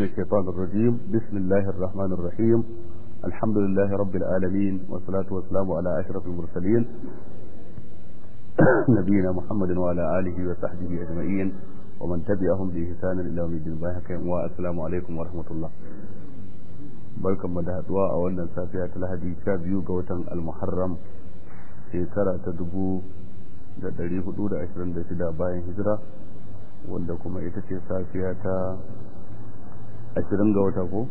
من الشيطان الرجيم بسم الله الرحمن الرحيم الحمد لله رب العالمين والصلاة والسلام على أشرف المرسلين نبينا محمد وعلى آله وصحبه أجمعين ومن تبعهم بإحسان إلى يوم الدين والسلام عليكم ورحمة الله barkan mu da haduwa a wannan safiya ta lahadi sha biyu ga watan almuharram shekara ta dubu da dari hudu da ashirin da shida bayan hijira wanda kuma ita ce safiya ta ashirin ga wata ko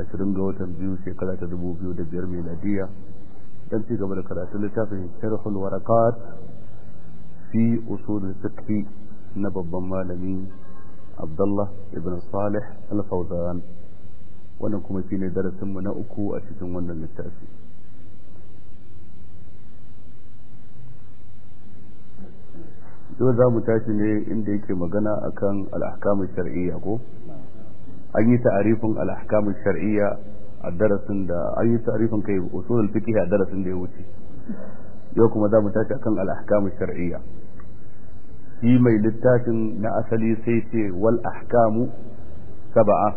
ashirin ga watan biyu shekara ta dubu biyu da biyar miladiya don ci gaba da karatun littafin sharhul warakat fi usulul fiqh na babban malami abdullah ibn salih al-fawzan wannan kuma shine darasinmu na uku a cikin wannan littafi yau za mu tashi ne inda yake magana akan al'ahkamu shar'iyya ko an yi ta'arifin al'ahkamu shar'iyya a darasin da an yi ta'arifin kai usulul fiqh a darasin da ya wuce yau kuma za mu tashi akan al'ahkamu shar'iyya shi mai littafin na asali sai ce wal ahkamu sab'a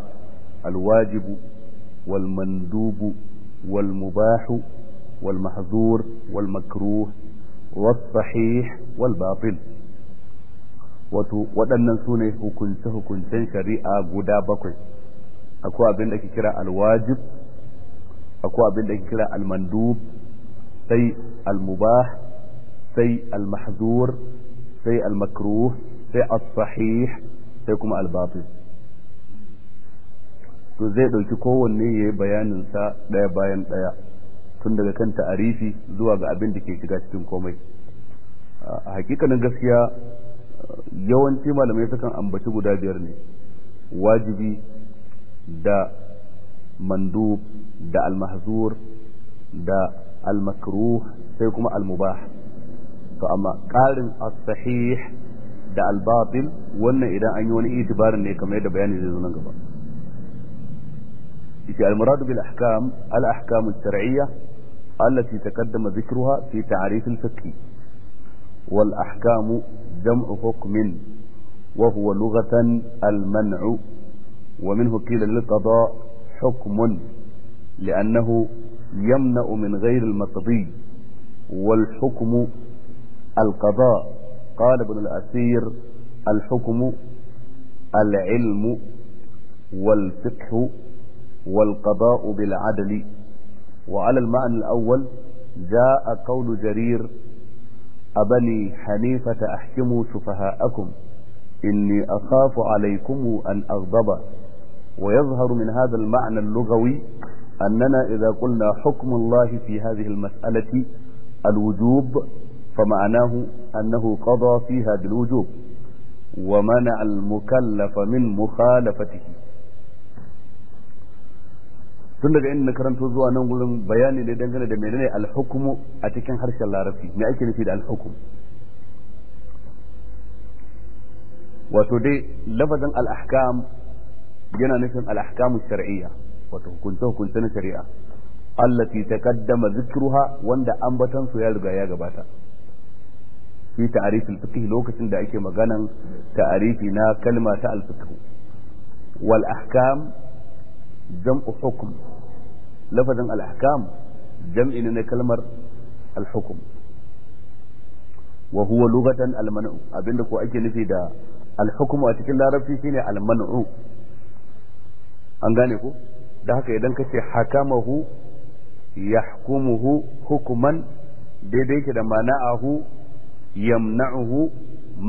al wajibu wal mandubu wal mubahu wal mahzur wal makruh والصحيح والباطل wato waɗannan su ne hukunce-hukuncen shari'a guda bakwai akwai abin da ke kira alwajib akwai abin da ke kira almandub sai almubah sai almahzur sai almakruh sai as-sahih sai kuma albatil to zai ɗauki kowanne ya yi bayaninsa ɗaya bayan ɗaya tun daga kan ta'arifi zuwa ga abin da ke shiga cikin komai a hakikanin gaskiya yawanci malamai sukan ambaci guda biyar ne wajibi da mandub da almahzur da almakruh sai kuma almubah to amma ƙarin as-sahih da al wannan idan an yi wani itibarin ne kamar yadda bayani zai zo nan gaba yace al-murad bil ahkam al-ahkam ash-shar'iyyah allati taqaddama dhikruha fi ta'rif al-fiqh والأحكام جمع حكم وهو لغة المنع ومنه قيل للقضاء حكم لأنه يمنع من غير المقضي والحكم القضاء قال ابن الأثير الحكم العلم والفقه والقضاء بالعدل وعلى المعنى الأول جاء قول جرير أبني حنيفة أحكموا سفهاءكم إني أخاف عليكم أن أغضب ويظهر من هذا المعنى اللغوي أننا إذا قلنا حكم الله في هذه المسألة الوجوب فمعناه أنه قضى فيها بالوجوب ومنع المكلف من مخالفته tun daga inda na karanto zuwa nan gurin bayani ne dangane da menene alhukumu a cikin harshen larabci me ake nufi da alhukum wato dai lafazin al yana nufin al'ahkamu ahkamu shar'iyya wato hukunce hukunce na shari'a allati taqaddama zikruha wanda ambatan su ya riga ya gabata fi ta'rif al-fiqh lokacin da ake maganan ta'rifi na kalma ta al-fiqh wal ahkam jam'u hukm lafazin al jam'i ne na kalmar al-hukum wa huwa lughatan al-man'u abinda ko ake nufi da al-hukmu a cikin larabci shine al-man'u an gane ku da haka idan kace hakamahu yahkumuhu hukuman daidai yake da mana'ahu yamna'uhu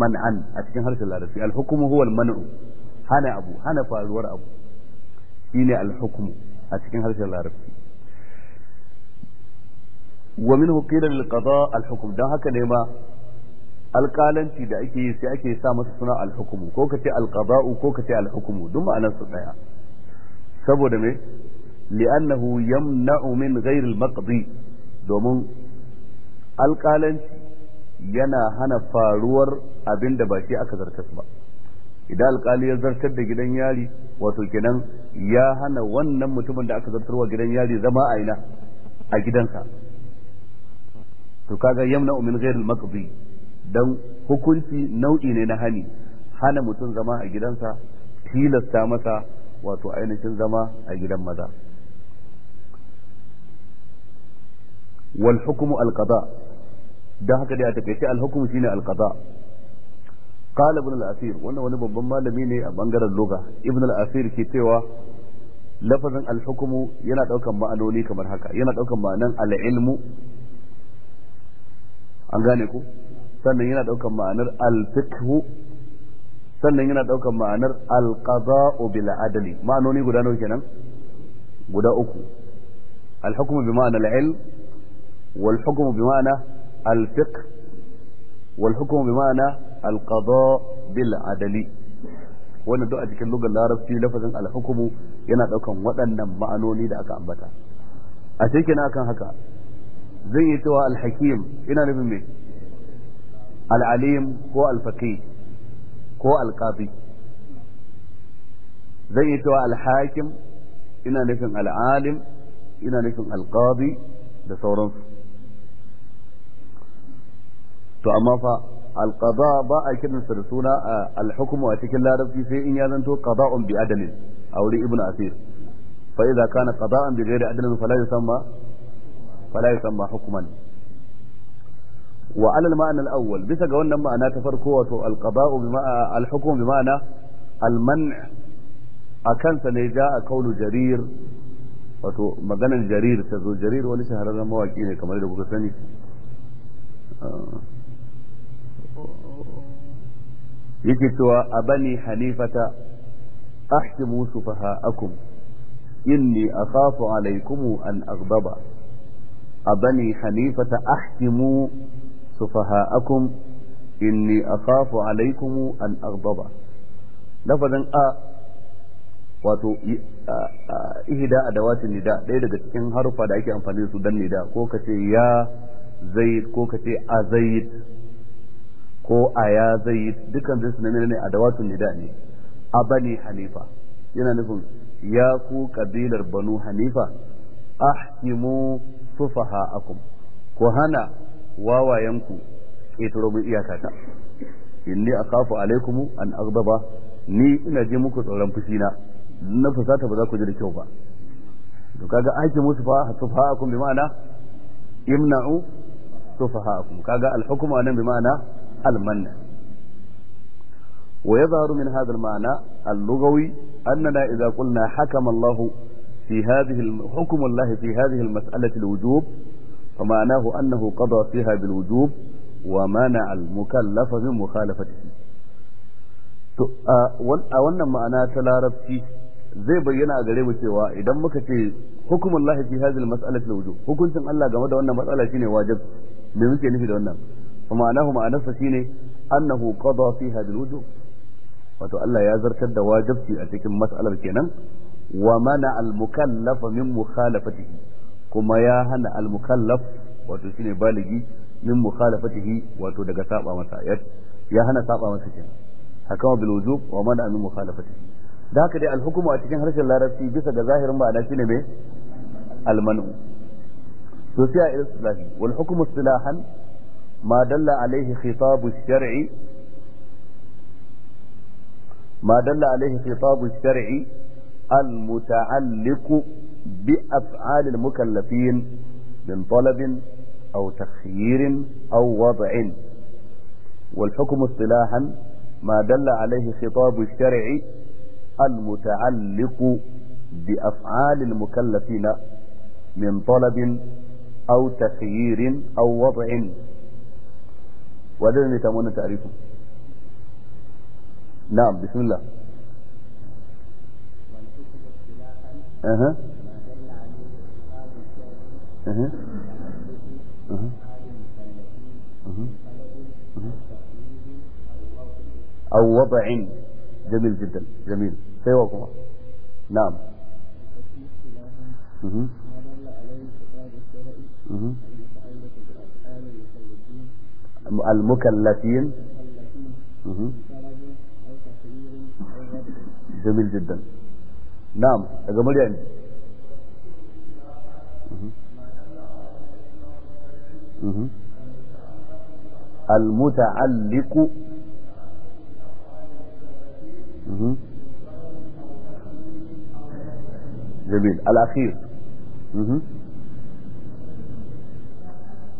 man'an a cikin harshen larabci al-hukmu huwa al-man'u hana abu hana faruwar abu shine al-hukmu a cikin harshen larabci wa minhu qila lil qada al hukm dan haka ne ma alƙalanci da ake yi sai ake sa masa suna al hukm ko kace al qada'u ko kace al hukm duk ma'anar su daya saboda me li'annahu yamna'u min ghairi al maqdi domin alƙalanci yana hana faruwar abin da ba shi aka zartas ba idan alkali ya zartar da gidan yari wato kenan ya hana wannan mutumin da aka zartar wa gidan yari zama a ina a gidansa to kaga yamna min ghairi al-maqdi dan hukunci nau'i ne na hani hana mutum zama a gidansa tilasta masa wato ainihin zama a gidan maza wal hukmu al-qada dan haka dai a takaice al-hukmu shine al-qada qala ibn al wannan wani babban malami ne a bangaren lugha ibn al-asir ke cewa lafazin al yana daukan ma'anoni kamar haka yana daukan ma'anan al-ilmu ku sannan yana daukan ma'anar al sannan yana ma'anar bil ma'anoni guda nawa kenan guda uku al bi ma'ana al wal hukmu bi ma'ana al wal bi ma'ana alqada bil adali wannan duk a cikin lugar larabci lafazin alhukumu yana ɗaukan waɗannan ma'anoni da aka ambata a cikin akan haka zan yi cewa alhakim ina nufin me al'alim ko alfaqih ko alqadi zan yi cewa alhakim ina nufin al'alim ina nufin alqadi da sauransu to amma fa القضاء باء كن سرسونا آه، الحكم واتكن لا رب في إن يالنتو قضاء بأدل أو لابن اسير فإذا كان قضاء بغير أدل فلا يسمى فلا يسمى حكما وعلى المعنى الأول بس قولنا ما أنا تفركوة القضاء بما آه، الحكم بمعنى المنع أكن سنجاء قول جرير wato maganar جرير ta zo jarir wani shahararren mawaƙi ne kamar da kuka sani yake cewa a bani hanifata faha akum inni akhafu alaikumu an agbaba a bani hanifata faha akum inni akhafu alaikumu an agbaba lafazin a wato a dawacin nida ɗaya daga cikin harufa da ake amfani da su dan nida ko kace ya zai ko kace a zai ko aya zai dukkan zai sunan ne a dawatun nida ne a bani hanifa yana nufin ya ku kabilar banu hanifa ahkimu sufaha'akum ku hana wawayenku ƙetaro mun iyaka ta inni akhafu alaikumu an ba ni ina ji muku tsoron fushi na na fusata ba za ku ji da kyau ba to kaga ahkimu sufaha'akum bi ma'ana imna'u sufaha'akum kaga alhukuma nan bi ma'ana المنع ويظهر من هذا المعنى اللغوي أننا إذا قلنا حكم الله في هذه حكم الله في هذه المسألة الوجوب فمعناه أنه قضى فيها بالوجوب ومنع المكلف من مخالفته أولا آه، آه، معنى تلارب فيه zai bayyana a gare mu cewa في muka ce hukumullahi fi hadhihi al-mas'alati al-wujub hukuncin Allah game da wannan matsala shine wajib wa ma'anahu ma'anarsa shine annahu qada fiha bil wato Allah ya zartar da wajibci a cikin mas'alar kenan wa mana al mukallaf min mukhalafatihi kuma ya hana al mukallaf wato shine baligi min mukhalafatihi wato daga saba masa ya hana saba masa kenan hakama bil wujub wa mana min mukhalafatihi da haka dai alhukumu a cikin harshen larabci bisa ga zahirin ma'ana shine me almanu to sai a irin wal hukmu silahan ما دل عليه خطاب الشرع ما دل عليه خطاب الشرع المتعلق بأفعال المكلفين من طلب أو تخيير أو وضع والحكم اصطلاحا ما دل عليه خطاب الشرع المتعلق بأفعال المكلفين من طلب أو تخيير أو وضع wa zai mai tamu wannan ta'arifin na'am bismillah أو وضع جميل جدا جميل سيوكما نعم المكلفين جميل جدا نعم جميل يعني المتعلق جميل الأخير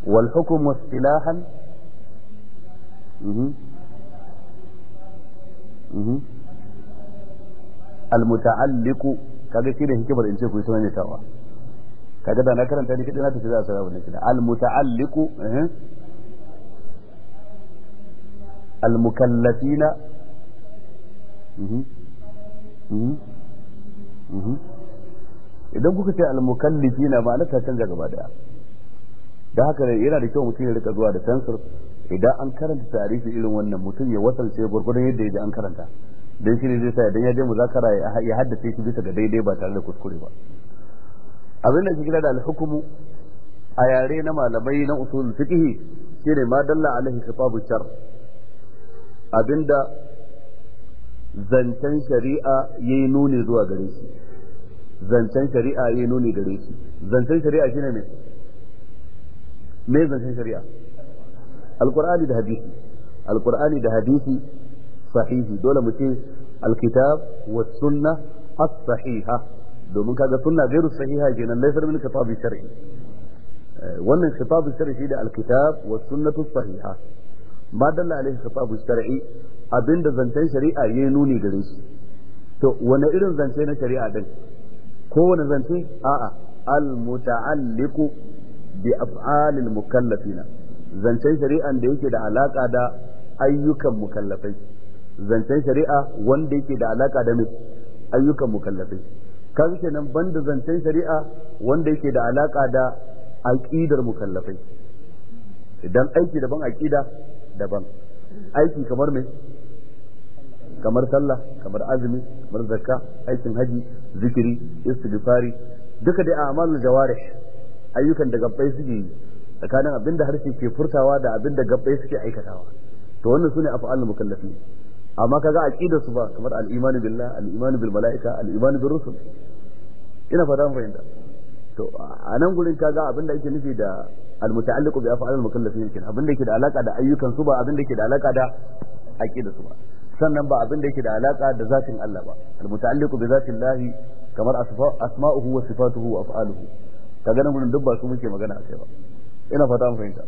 والحكم اصطلاحا Mm-hmm. Mm-hmm. almuta'alliku kaga shi da hikimar in ce ku yi sunan tawa kaga da na karanta ni kadai na tafi za a sarrafa ne kina almuta'alliku eh? almukallafina mm-hmm. idan kuka ce almukallafina ma'ana ta canza gaba daya da haka yana da kyau mutum ya rika zuwa da sensor idan an karanta tarihi irin wannan mutum ya wasance gurgurdan yadda yadda an karanta dan shi ne zai sa idan ya je muzakara ya haddace shi bisa ga daidai ba tare da kuskure ba abin da ke da alhukumu a yare na malamai na usul fiqhi shine ma dalla alaihi khitabu shar abinda zancen shari'a yayi nuni zuwa gare shi zancen shari'a yayi nuni gare shi zancen shari'a shine ne, me zancen shari'a alqur'ani da hadisi alqur'ani da hadisi sahihi dole mu ce alkitab was sunna as-sahiha domin kaga sunna gairu sahiha kenan laifar min kitab shar'i eh, wannan kitab shar'i shi da alkitab was sunnatu sahiha ma dalla alaihi kitab shar'i abinda zancen shari'a yayi nuni gare shi to wani irin zance na shari'a din kowane zance a'a al-muta'alliqu bi af'alil mukallafina zancen shari'an da yake da alaka da ayyukan mukallafai zancen shari'a wanda yake da alaka da mai ayyukan mukallafai kaga kenan banda zancen shari'a wanda yake da alaka da aqidar mukallafai idan aiki daban aqida daban aiki kamar mai kamar sallah kamar azumi kamar zakka aikin haji zikiri istighfari duka dai a'malul jawarih ayyukan da gabbai suke yi tsakanin abin da harshe ke furtawa da abin da gabbai suke aikatawa to wannan sune af'al mukallafi amma kaga aqidar su ba kamar al-imanu billah al-imanu bil malaika al-imanu bir rusul ina fata mun fahimta to a nan gurin kaga abin da ake nufi da al-muta'alliqu bi af'al mukallafin kin abin da yake da alaka da ayyukan su ba abin da yake da alaka da aqidar su ba sannan ba abin da yake da alaka da zatin Allah ba al-muta'alliqu bi zatin Allah kamar asma'uhu wa sifatuhu wa af'aluhu kaga nan gurin duk ba su muke magana akai ba ina fata an fahimta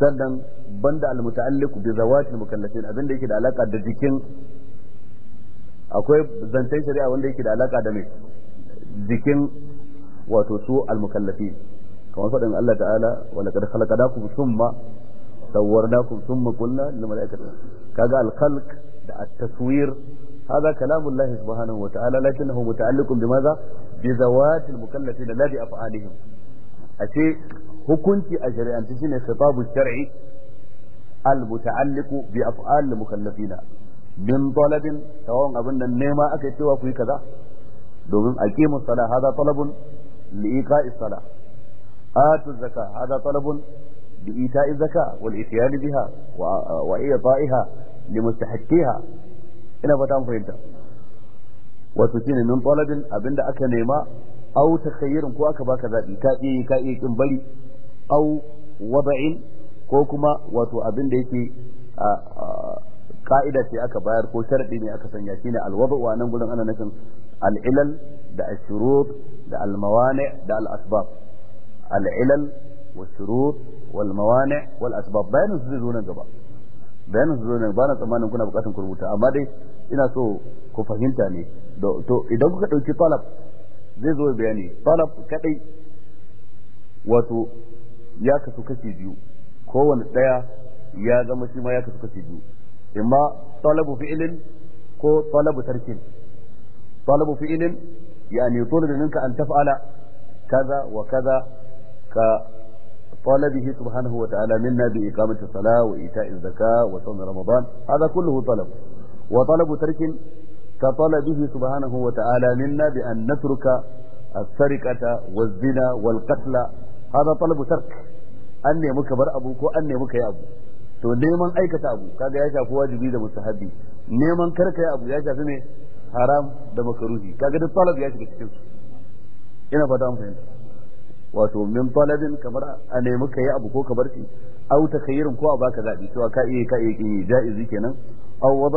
sannan banda almuta'alliq bi zawatil mukallafin abinda yake da alaka da jikin akwai zantai shari'a wanda yake da alaka da mai jikin wato su almukallafi kamar faɗin Allah ta'ala wa laqad khalaqnakum thumma sawwarnakum thumma qulna lil malaikati kaga al-khalq da at-taswir هذا كلام الله سبحانه وتعالى لكنه متعلق بماذا؟ بذوات المكلفين لا بأفعالهم ashe hukunci a shari'ance shine khitabu shar'i al-muta'alliqu bi af'al al-mukallafina min talabin tawon abin nan nema aka yi cewa ku yi kaza domin aqimu sala hada talabun li iqa'i sala atu zakka hada talabun bi ita'i zakka wal itiyani biha wa i'ta'iha li mustahaqqiha ina fata mun fahimta wato shine min talabin abinda aka nema aw takhayirun ko aka baka zabi ka iya ka iya kin bari aw wada'in ko kuma wato abin da yake ka'ida ce aka bayar ko sharadi ne aka sanya shi ne alwada'u a nan gurin ana nufin al'ilal da ashurut da almawani da al'asbab al'ilal wa shurut wal mawani wal asbab bayanin su zai zo nan gaba bayanin su ba na tsammanin kuna bukatun ku rubuta amma dai ina so ku fahimta ne to idan kuka dauki talab zai zo bayani talab kadai wato ya kasu kashi biyu kowane daya ya zama shi ma ya kasu kashi biyu imma talabu fi'ilin ko talabu tarkin talabu fi'ilin yani da ninka an taf'ala kaza wa kaza ka طلبه سبحانه وتعالى منا بإقامة الصلاة وإيتاء الزكاة وصوم رمضان هذا كله طلب وطلب ترك كطلبه سبحانه وتعالى منا بأن نترك السرقة والزنا والقتل هذا طلب ترك أن يمك بر أبوك وأن يمك يا أبو to neman aikata abu kaga ya shafi wajibi da mustahabi neman karka abu ya shafi ne haram da makaruhi kaga duk talab ya shiga cikin ina fata an fahimta wato min talabin kamar a nemi ka yi abu ko ka bar au takayyirin ko a baka zabi a ka iya ka iya ja'izi kenan aw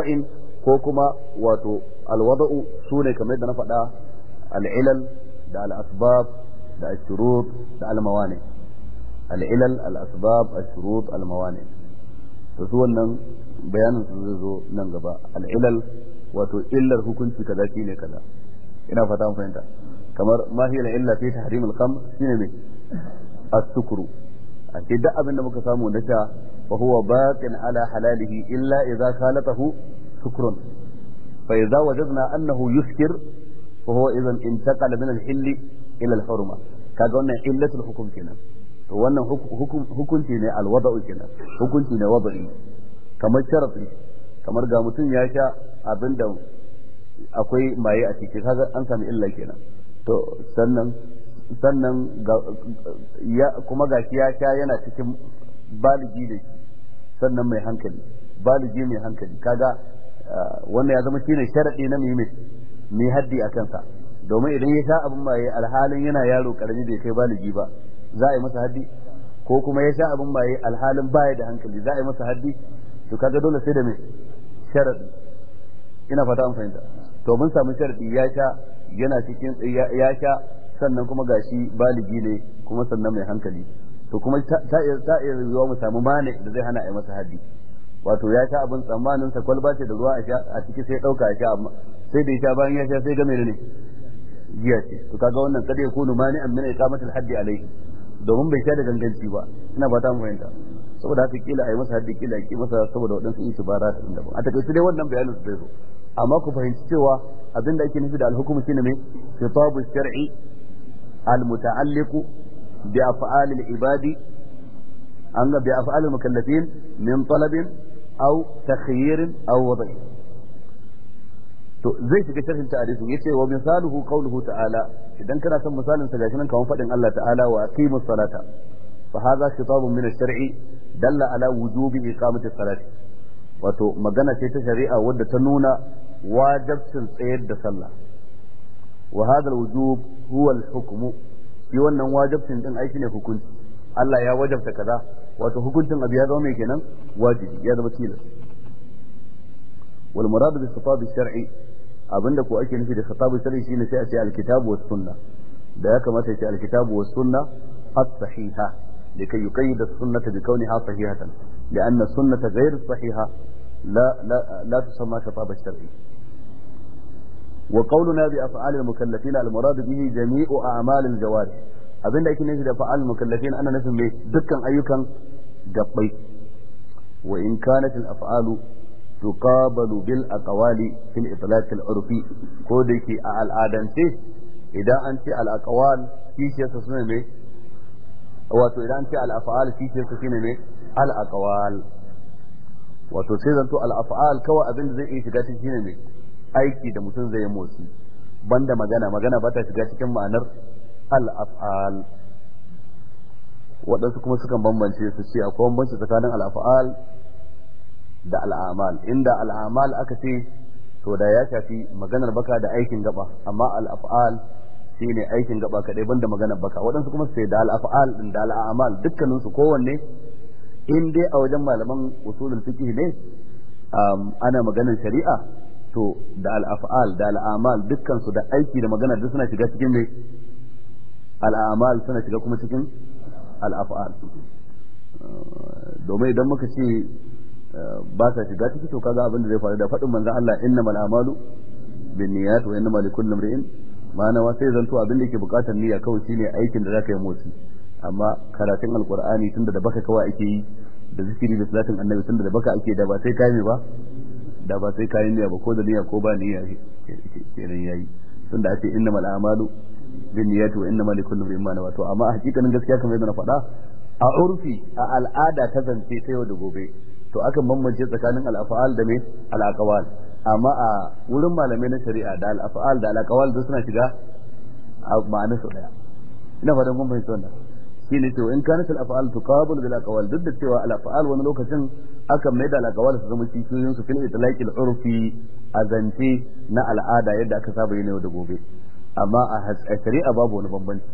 ko kuma wato alwada'u sune kamar yadda na faɗa al'ilal da al'asbab da ashurut da almawani al'ilal al'asbab ashurut almawani to su wannan bayanin su zai zo nan gaba al'ilal wato illar hukunci kaza shine kaza ina fata mun fahimta kamar ma hiya illa fi tahrim al-khamr shine me as-sukru ake ce duk abin da muka samu na sha fa huwa baqin ala halalihi illa idza khalatahu شكر فإذا وجدنا أنه يسكر فهو إذا انتقل من الحل إلى الحرمة كاغونا حلة الحكم كنا وانا حكم حكم كنا الوضع كنا حكم كنا وضعي كما الشرطي كما رجع متن ياشا أبن دو akwai maye a ciki kaga an sami illa kenan to sannan ya kuma gashi ya sha yana cikin baligi da shi sannan mai hankali baligi mai hankali kaga wannan ya zama shine sharadi na muhimmi mai haddi a kansa domin idan ya sha abin maye alhalin yana yaro karami bai kai baligi ba za a yi masa haddi ko kuma ya sha abin maye alhalin baya da hankali za a yi masa haddi to kaga dole sai da mai sharadi ina fata an fahimta to mun samu sharadi ya sha yana cikin ya sha sannan kuma gashi baligi ne kuma sannan mai hankali to kuma ta iya zuwa mu samu mane da zai hana a yi masa haddi wato ya sha abin tsammanin sa kwalba ce da ruwa a sha a ciki sai dauka a sha amma sai da ya sha bayan ya sha sai ga menene giya ce to kaga wannan kada ya kunu mani an min iqamatul haddi alaihi domin bai sha da ganganci ba ina ba ta mu fahimta saboda haka kila ayi masa haddi kila ki masa saboda wadansu itibara ta inda ba a takaice dai wannan bayanin su bai zo amma ku fahimci cewa abin da ake nufi da alhukumu shine me khitabu shar'i almuta'alliqu bi af'alil ibadi an ga bi af'alil mukallafin min talabin أو تخيير أو وضع to zai shiga sharhin ta'arifu yace wa misaluhu qawluhu ta'ala idan kana son misalin sa gashi nan kawai fadin Allah ta'ala wa aqimus salata fa hadha khitabun min ash-shar'i dalla ala wujubi iqamati as-salati wato magana ce ta shari'a wadda ta nuna wajibcin tsayar da sallah wa hadha al-wujub huwa al-hukmu shi wannan wajibcin din aiki ne hukunci Allah ya wajabta kaza wato hukuncin abu ya zama mai kenan wajibi ya zama tilas wal muradu bi khitab shar'i abinda ko ake nufi da khitab shar'i shine sai a ce al-kitabu was sunna da ya kamata ya ce al was sunna as-sahiha لكي يقيد السنة بكونها صحيحة لأن السنة غير الصحيحة لا لا لا تسمى خطاب الشرعي وقولنا بأفعال المكلفين المراد به جميع أعمال الجوارح abinda ake nufi da fa'al mukallafin ana nufin mai dukkan ayyukan gabbai wa in kanat al af'alu tuqabalu bil aqwali fil itlaq al urfi ko da yake a al'adance idan an ce al aqwal shi ce su ne mai wato idan an ce al af'al shi ce su ne mai al aqwal wato sai zanto al af'al kawai abin da zai iya shiga cikin ne mai aiki da mutum zai yi motsi banda magana magana ba ta shiga cikin ma'anar al-af'al waɗansu kuma sukan bambance su ce akwai bambanci tsakanin al-af'al da al'amal inda al'amal aka ce to da ya shafi maganar baka da aikin gaba amma al'af'al shi ne aikin gaba kaɗai banda maganar baka waɗansu kuma ce da al'af'al din da al'amal dukkaninsu kowanne in dai a wajen malaman usulul fiqh ne ana maganar shari'a to da al'af'al da al'amal dukkansu da aiki da magana duk suna shiga cikin me al'amal suna shiga kuma cikin al’afa’al domin idan muka ce eh, ba sa shiga ciki to kaga abin da zai faru da faɗin manzon Allah mal a'malu binniyat wa innamal likulli imrin ma nawa zan zanto abin da yake bukatar niyya kawai shine aikin da zaka yi motsi amma karatun alqur'ani tunda da baka kawai ake yi da zikiri da salatin annabi tunda da baka ake da ba sai kai ba da ba sai kai niyya ba ko da niyya ko ba niyya kenan yayi tunda ake innamal a'malu bin niyyati wa innama li kulli imrin ma to amma a hakikanin gaskiya kamar yadda na faɗa a urfi a al'ada ta zance ta yau da gobe to akan bambance tsakanin al'afa'al da me al'aqwal amma a wurin malamai na shari'a da al'afa'al da al'aqwal duk suna shiga a ma'ana su daya ina fadan kun fahimta wannan shi ne cewa in kanat al'afa'al tuqabul bil aqwal duk da cewa al'afa'al wani lokacin akan mai da al'aqwal su zama cikin su fil itlaqil urfi a zance na al'ada yadda aka saba yin yau da gobe amma a a babu wani bambanci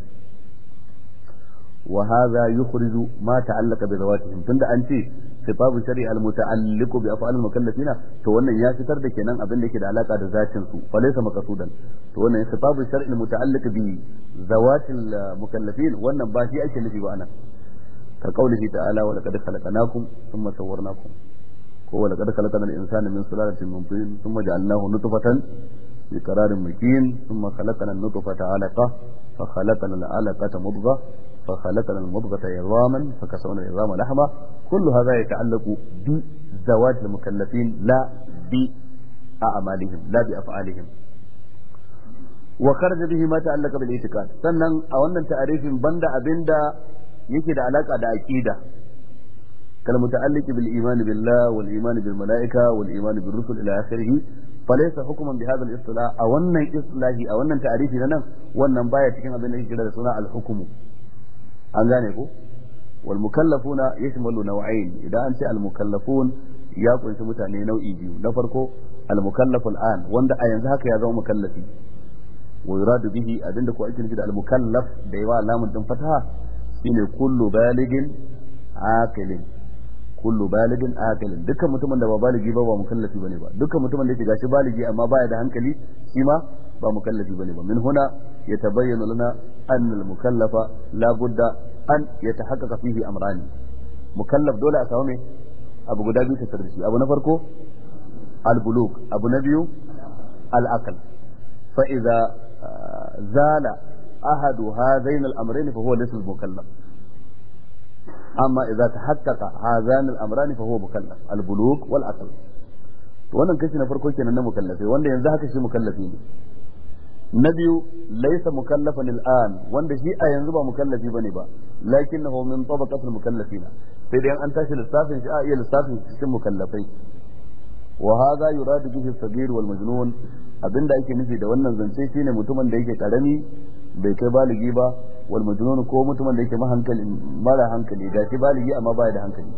wa hadha yukhriju ma ta'allaqa bi zawatihim tunda an ce sifabu shari'a al-muta'alliqu bi af'al al-mukallafina to wannan ya fitar da kenan abin da yake da alaka da zatin su fa laysa maqsudan to wannan sifabu shari'a al-muta'alliq bi zawatil eh, mukallafin wannan ba shi ake nufi ba anan ka kaulihi ta'ala wa laqad khalaqnakum thumma sawwarnakum ko wa laqad khalaqnal insana min sulalatin min tin thumma ja'alnahu nutfatan بقرار مكين ثم خلقنا النطفة علقة فخلقنا العلقة مضغة فخلقنا المضغة عظاما فكسونا العظام لحما كل هذا يتعلق بزواج المكلفين لا بأعمالهم لا بأفعالهم وخرج به ما تعلق بالاعتقاد sannan a wannan ta'arifin banda abinda yake da alaka da aqida kal muta'alliq bil iman billah wal iman bil malaika wal iman bil rusul ila akhirih falaysa hukuman bi hadha a wannan islahi a wannan ta'arifi na nan wannan baya cikin abin da yake kira da suna al an gane ko wal mukallafuna yashmalu naw'ain idan an ce al ya kunshi mutane nau'i biyu na farko al an wanda a yanzu haka ya zama mukallafi wa yuradu bihi abinda ko ake nufi da al mukallaf da yawa lamun tun fataha shine kullu baligin aqilin kullu balidin aqilin dukkan mutumin da ba baligi ba ba mukallafi bane ba dukkan mutumin da yake gashi baligi amma baya da hankali shi ma ba mukallafi bane ba min huna yatabayyana lana an al mukallafa la budda an yatahaqqaqa fihi amrani mukallaf dole a samu me abu guda biyu tattare da shi abu na farko al bulug abu na biyu al aql fa idza ah, zala ahadu hadain al amrayn fa huwa laysa mukallaf amma idza tahaqqaqa hazan al-amrani fa huwa mukallaf al-bulugh wal aql to wannan kashi na farko kenan na mukallafi wanda yanzu haka shi mukallafi ne na biyu laysa mukallafan al-an wanda shi a yanzu ba mu mukallafi ne ba lakinnahu min tabaqat al-mukallafin sai dai an tashi lissafin shi a iya lissafin cikin mukallafai wa hadha yuradu bihi as-saghir wal majnun abinda ake nufi da wannan zance shine mutumin da yake karami bai kai baligi ba wal majnun ko mutumin da yake mahankali mara hankali gashi baligi amma baya da hankali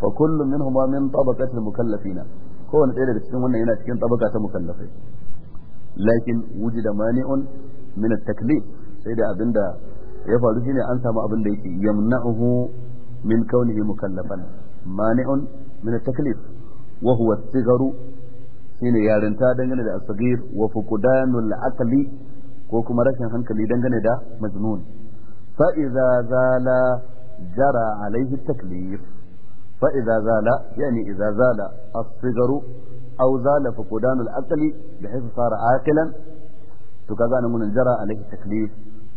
fa kullun minhuma min na, mukallafina wani ɗaya daga cikin wannan yana cikin tabaka ta mukallafai lakin wujida mani'un min at-taklif sai da abinda ya faru shine an samu abin da yake yamna'uhu min kaunihi mukallafan mani'un min at-taklif wa huwa as-sigaru shine yarinta dangane da as-sagir wa fuqdanul aqli ko kuma rashin hankali dangane da majnun fa idza zala jara alaihi taklif fa idza zala yani idza zala as-sigaru aw zala fuqdan al-aqli bihayth sara aqilan to kaga nan mun jara alaihi taklif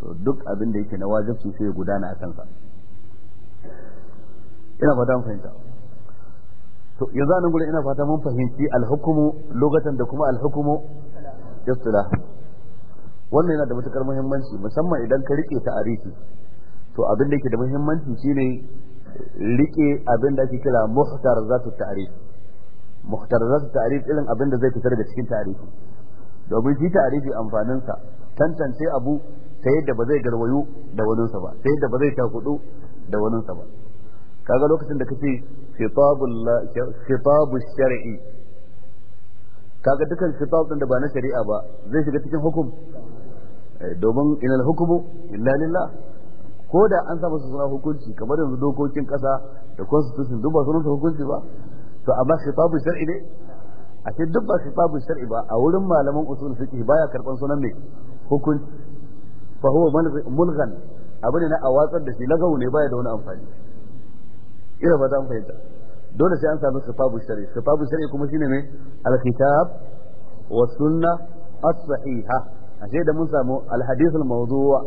to duk abin da yake na wajibi sai ya gudana a kansa ina fata mun fahimta to yanzu nan gurin ina fata mun fahimci al-hukmu lugatan da kuma al-hukmu istilah wannan yana da matukar muhimmanci musamman idan ka rike ta'arifi to abin da yake da muhimmanci shine rike abin da ake kira muhtar muhtarazatu ta'rif muhtarazatu ta'rif irin abin da zai fitar da cikin ta'arifi domin shi ta'arifi amfanin sa tantance abu ta yadda ba zai garwayo da wani sa ba ta yadda ba zai takudu da wani sa ba kaga lokacin da kace khitabul khitabu shar'i kaga dukan khitab din da ba na shari'a ba zai shiga cikin hukum Eh, domin inal hukumu illa lillah ko da an samu su suna hukunci kamar yanzu dokokin kasa da constitution duk ba su rufe hukunci ba to amma khitabu shar'i ne a ce duk ba khitabu shar'i ba a wurin malaman usul fiqh baya karban sunan mai hukunci fa huwa mulghan abu ne na a watsar da shi lagawu ne baya da wani amfani ira ba ta fahimta dole sai an samu khitabu shar'i khitabu shar'i kuma shine ne al-kitab wa sunnah as sahiha ashe da mun samu alhadithul mawdu'a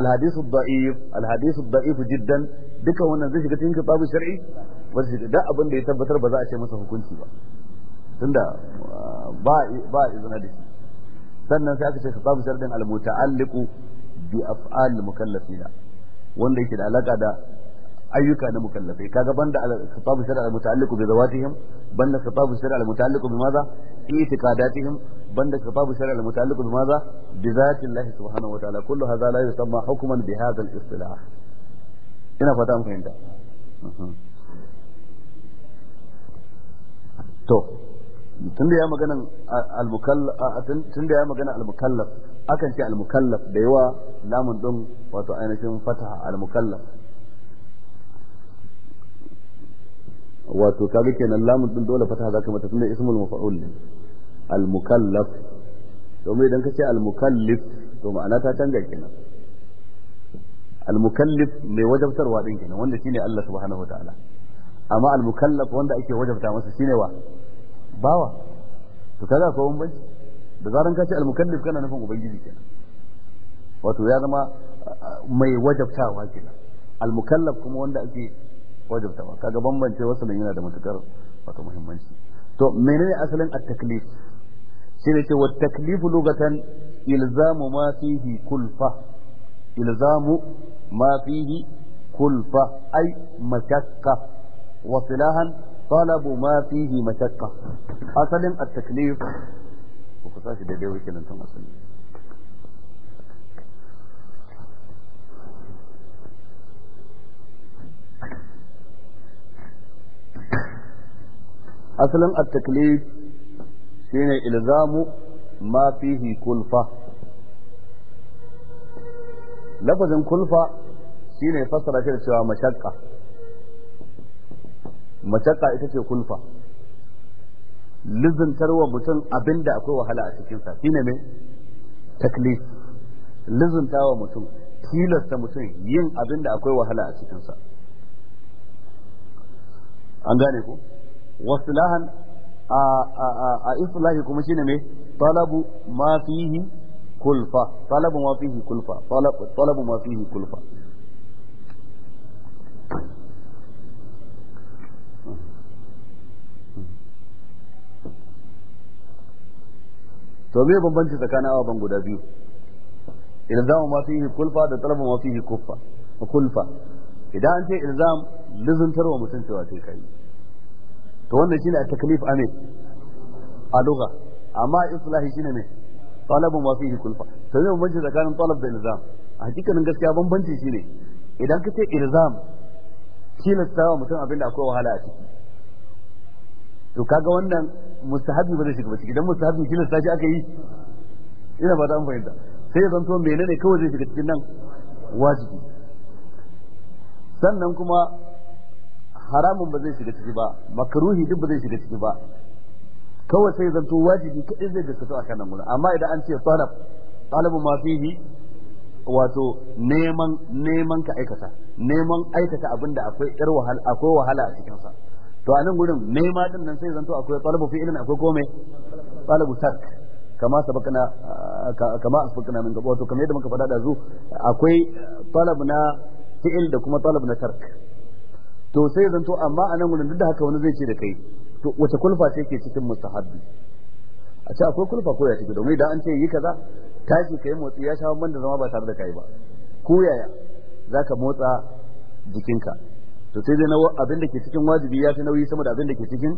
alhadithul da'if alhadithul da'if jiddan duka wannan zai shiga cikin babu shar'i ba zai shiga duk abin da ya tabbatar ba za a ce masa hukunci ba tunda uh, ba ba izina da shi sannan sai aka ce babu shar'in al-muta'alliqu bi af'al mukallafina wanda yake da alaka da ayyuka na mukallafai kaga banda al-khitab shar'a al-muta'alliqu bi zawatihim banda khitab shar'a al-muta'alliqu bi madha i'tiqadatihim banda khitab shar'a al-muta'alliqu bi madha bi zati Allah subhanahu wa ta'ala kullu hadha la yusamma hukman bi hadha al-istilah ina fata mun fahimta mhm. to tunda ya magana al-mukallaf tunda ya magana al-mukallaf akan ce al-mukallaf da yawa lamun din wato ainihin fataha al-mukallaf wato kaga kenan lamun din dole fataha zaka mata sunan ismul maf'ul al mukallaf domin idan ka ce al mukallif to ma'ana ta canza kenan al mukallif mai wajabtarwa din kenan wanda shine Allah subhanahu wataala amma al mukallaf wanda ake wajabta masa shine wa bawa to kaga ko bambanci da zaran ka ce al mukallif kana nufin ubangiji kenan wato ya zama mai wajabtawa kenan al mukallaf kuma wanda ake wajibta ba kaga bambance wasu yana da matukar wato muhimmanci to menene asalin at-taklif shine ce wa taklifu lugatan ilzamu ma fihi kulfa ilzamu ma fihi kulfa ay mashakka wa filahan talabu ma fihi asalin at-taklif da dai asali asalin at-taklif shine ilzamu ma fihi kulfa lafazin kulfa shine fassara shi da cewa mashakka mashakka ita ce kulfa lizantarwa mutum abinda akwai wahala a cikinsa shine mai taklif wa mutum tilasta mutum yin abinda akwai wahala a cikinsa an gane ku wasilahan a islahi kuma shine me talabu ma fihi kulfa talabu ma fihi kulfa talabu ma fihi kulfa to me bambanci tsakanin ban guda biyu ilzamu ma fihi kulfa da talabu ma fihi kulfa kulfa idan an ce ilzam lizantarwa mutum cewa sai kai to wannan shine a taklif ame a lugha amma islahi shine ne. talabun ma fihi kulfa to ne bambanci tsakanin talab da ilzam a hakikanin gaskiya bambanci shine idan ka ce ilzam tilastawa mutum abin da akwai wahala a ciki to kaga wannan mustahabi ba zai shiga ba ciki dan mustahabi shine shi aka yi ina ba ta an fahimta sai zan to menene kawai zai shiga cikin nan wajibi sannan kuma haramun ba zai shiga ciki ba makruhi duk ba zai shiga ciki ba kawai sai zanto wajibi kadai zai gaskato akan nan gurin amma idan an ce talab talabu ma fihi wato neman neman ka aikata neman aikata abinda akwai yar wahala akwai wahala a cikin sa to a nan gurin nema din nan sai zanto akwai talabu fi'ilin akwai komai talabu tark kama sabakana kama asbakana min gabo to kamar yadda muka faɗa da zu akwai talab na fi'il da kuma talab na tark to sai to amma anan nan duk da haka wani zai ce da kai to wace kulfa ce ke cikin mustahabbi a ce akwai kulfa ko ya ciki domin idan an ce yi kaza tashi kai motsi ya sha ban da zama ba tare da kai ba ko yaya zaka motsa jikinka to sai dai nawa abin da ke cikin wajibi ya fi nauyi sama da abin da ke cikin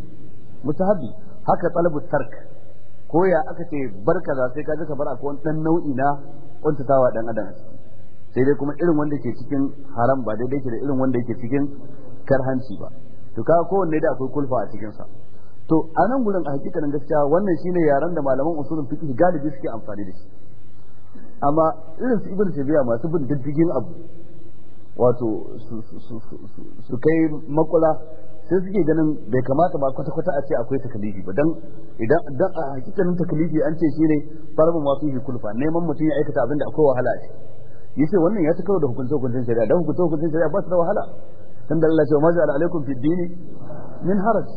mustahabbi haka talabu tark ko ya aka ce bar kaza sai kaji ka bar akwai wani dan nau'i na kuntatawa dan adam sai dai kuma irin wanda ke cikin haram ba daidai ke da irin wanda yake cikin karhanci ba to kaga kowanne da akwai kulfa a cikin sa to a nan gurin a hakikanin gaskiya wannan shine yaran da malaman usulun fiqh galibi suke amfani da shi amma irin su ibnu tabiya masu bin diddigin abu wato su kai makula sai suke ganin bai kamata ba kwata kwata a ce akwai takalifi ba dan idan dan a hakikanin takalifi an ce shine farbu ma fihi kulfa neman mutum ya aikata abin da akwai wahala ce yace wannan ya ta karo da hukuncin hukuncin shari'a dan hukuncin hukuncin shari'a ba su da wahala dan da Allah ya ce ma ja'ala alaikum fi dini min haraj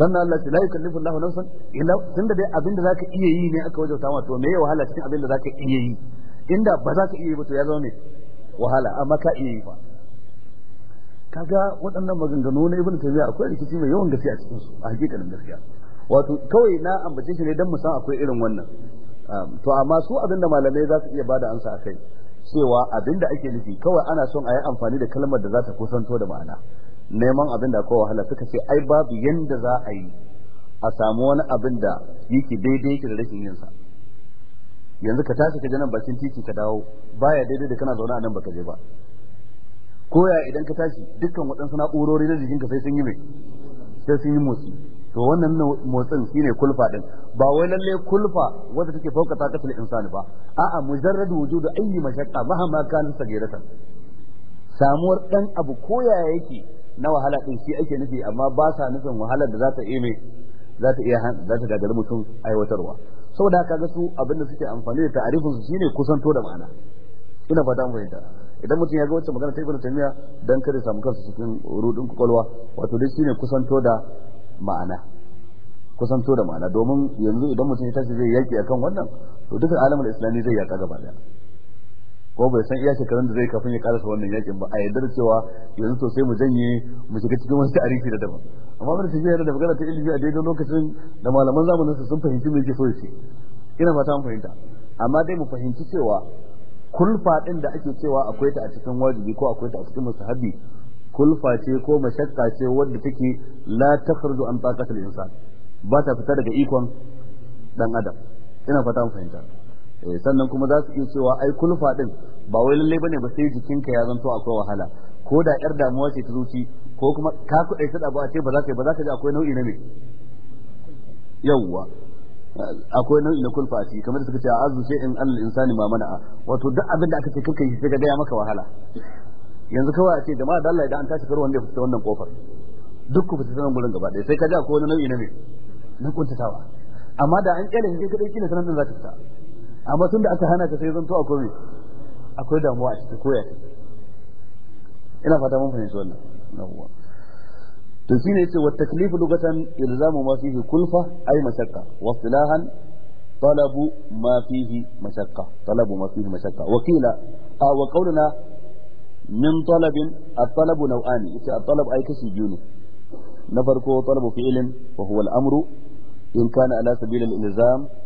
sannan Allah ce la yukallifu na nafsan illa tunda dai abin da zaka iya yi ne aka wajauta ma to me ya wahala cikin abin da zaka iya yi inda ba zaka iya yi ba to ya zama ne wahala amma ka iya yi ba kaga waɗannan maganganu na ibnu taymiya akwai rikici mai yawan gaskiya cikin su a hakikanin gaskiya wato kawai na ambace shi ne dan mu san akwai irin wannan to amma su abinda malamai za su iya bada ansa akai cewa abinda ake nufi kawai ana son a yi amfani da kalmar da za ta kusanto da ma'ana neman abin da kowa wahala suka ce ai babu yadda za a yi a samu wani abin da yake daidai yake da rashin yinsa yanzu ka tashi ka je nan bakin titi ka dawo baya daidai da kana zaune a nan baka je ba koya idan ka tashi dukkan waɗansu na'urori na jikinka sai sun yi mai sai sun yi motsi to wannan motsin shine kulfa din ba wai lalle kulfa wanda take fauka ta kafin insani ba a'a mujarrad wujudu ayi mashaqqa mahama kan sagiratan samuwar dan abu koya yake na wahala din shi ake nufi amma ba sa nufin wahalar da za ta iya za ta iya za ta gagari mutum aiwatarwa saboda haka ga su abin da suke amfani da ta'arifin su shine kusanto da ma'ana ina fata mu fahimta idan mutum ya ga wacce magana ta ibnu taymiya dan kare samu kansa cikin rudin kwakwalwa wato dai shine kusanto da ma'ana kusanto da ma'ana domin yanzu idan mutum ya tashi zai yaki akan wannan to dukkan alamul islami zai yaka gaba daya ko bai san iya shekarun da zai kafin ya karasa wannan yakin ba a yarda da cewa yanzu to sai mu janye mu shiga cikin wani tarihi da daban amma bari tafiya da magana ta ilimi a daidai lokacin da malaman zamanin su sun fahimci me yake so ya ce ina fata mun fahimta amma dai mu fahimci cewa kulfa din da ake cewa akwai ta a cikin wajibi ko akwai ta a cikin mustahabi kulfa ce ko mashakka ce wadda take la takhruju an taqatul insan ba ta fita daga ikon dan adam ina fata mun fahimta eh, sannan kuma za su iya cewa ai kulfa din ba wai lalle bane ba sai jikinka ya zanto akwai wahala ko da yar damuwa ce ta zuci ko kuma ka kudai sada ba a ce ba za ka yi ba za ka ji akwai nau'i na me yawwa akwai nau'i na kulfa a kamar da suka ce a azu sai in al insani ma mana'a wato duk abin da aka ce kai yi sai ga ya maka wahala yanzu kawai a ce jama'a da Allah idan an tashi karo wanda ya fita wannan kofar duk ku fita sanan gurin gaba ɗaya sai ka ji akwai wani nau'i na me na kuntatawa amma da an kyale shi kadai kila sanan za ta fita amma tun da aka hana ka sai zanto akwai akwai damuwa a cikin koya ina fata mun fahimci wannan na yawwa to shi shine yace wa taklifu lugatan ilzamu ma fihi kulfa ay mashaqqa wa silahan talabu ma fihi mashaqqa talabu ma fihi mashaqqa wa qila wa qawluna Nin talabin at-talabu naw'ani yace at-talab ai kashi biyu ne na farko talabu fi'lin wa huwa amru in kana ala sabil al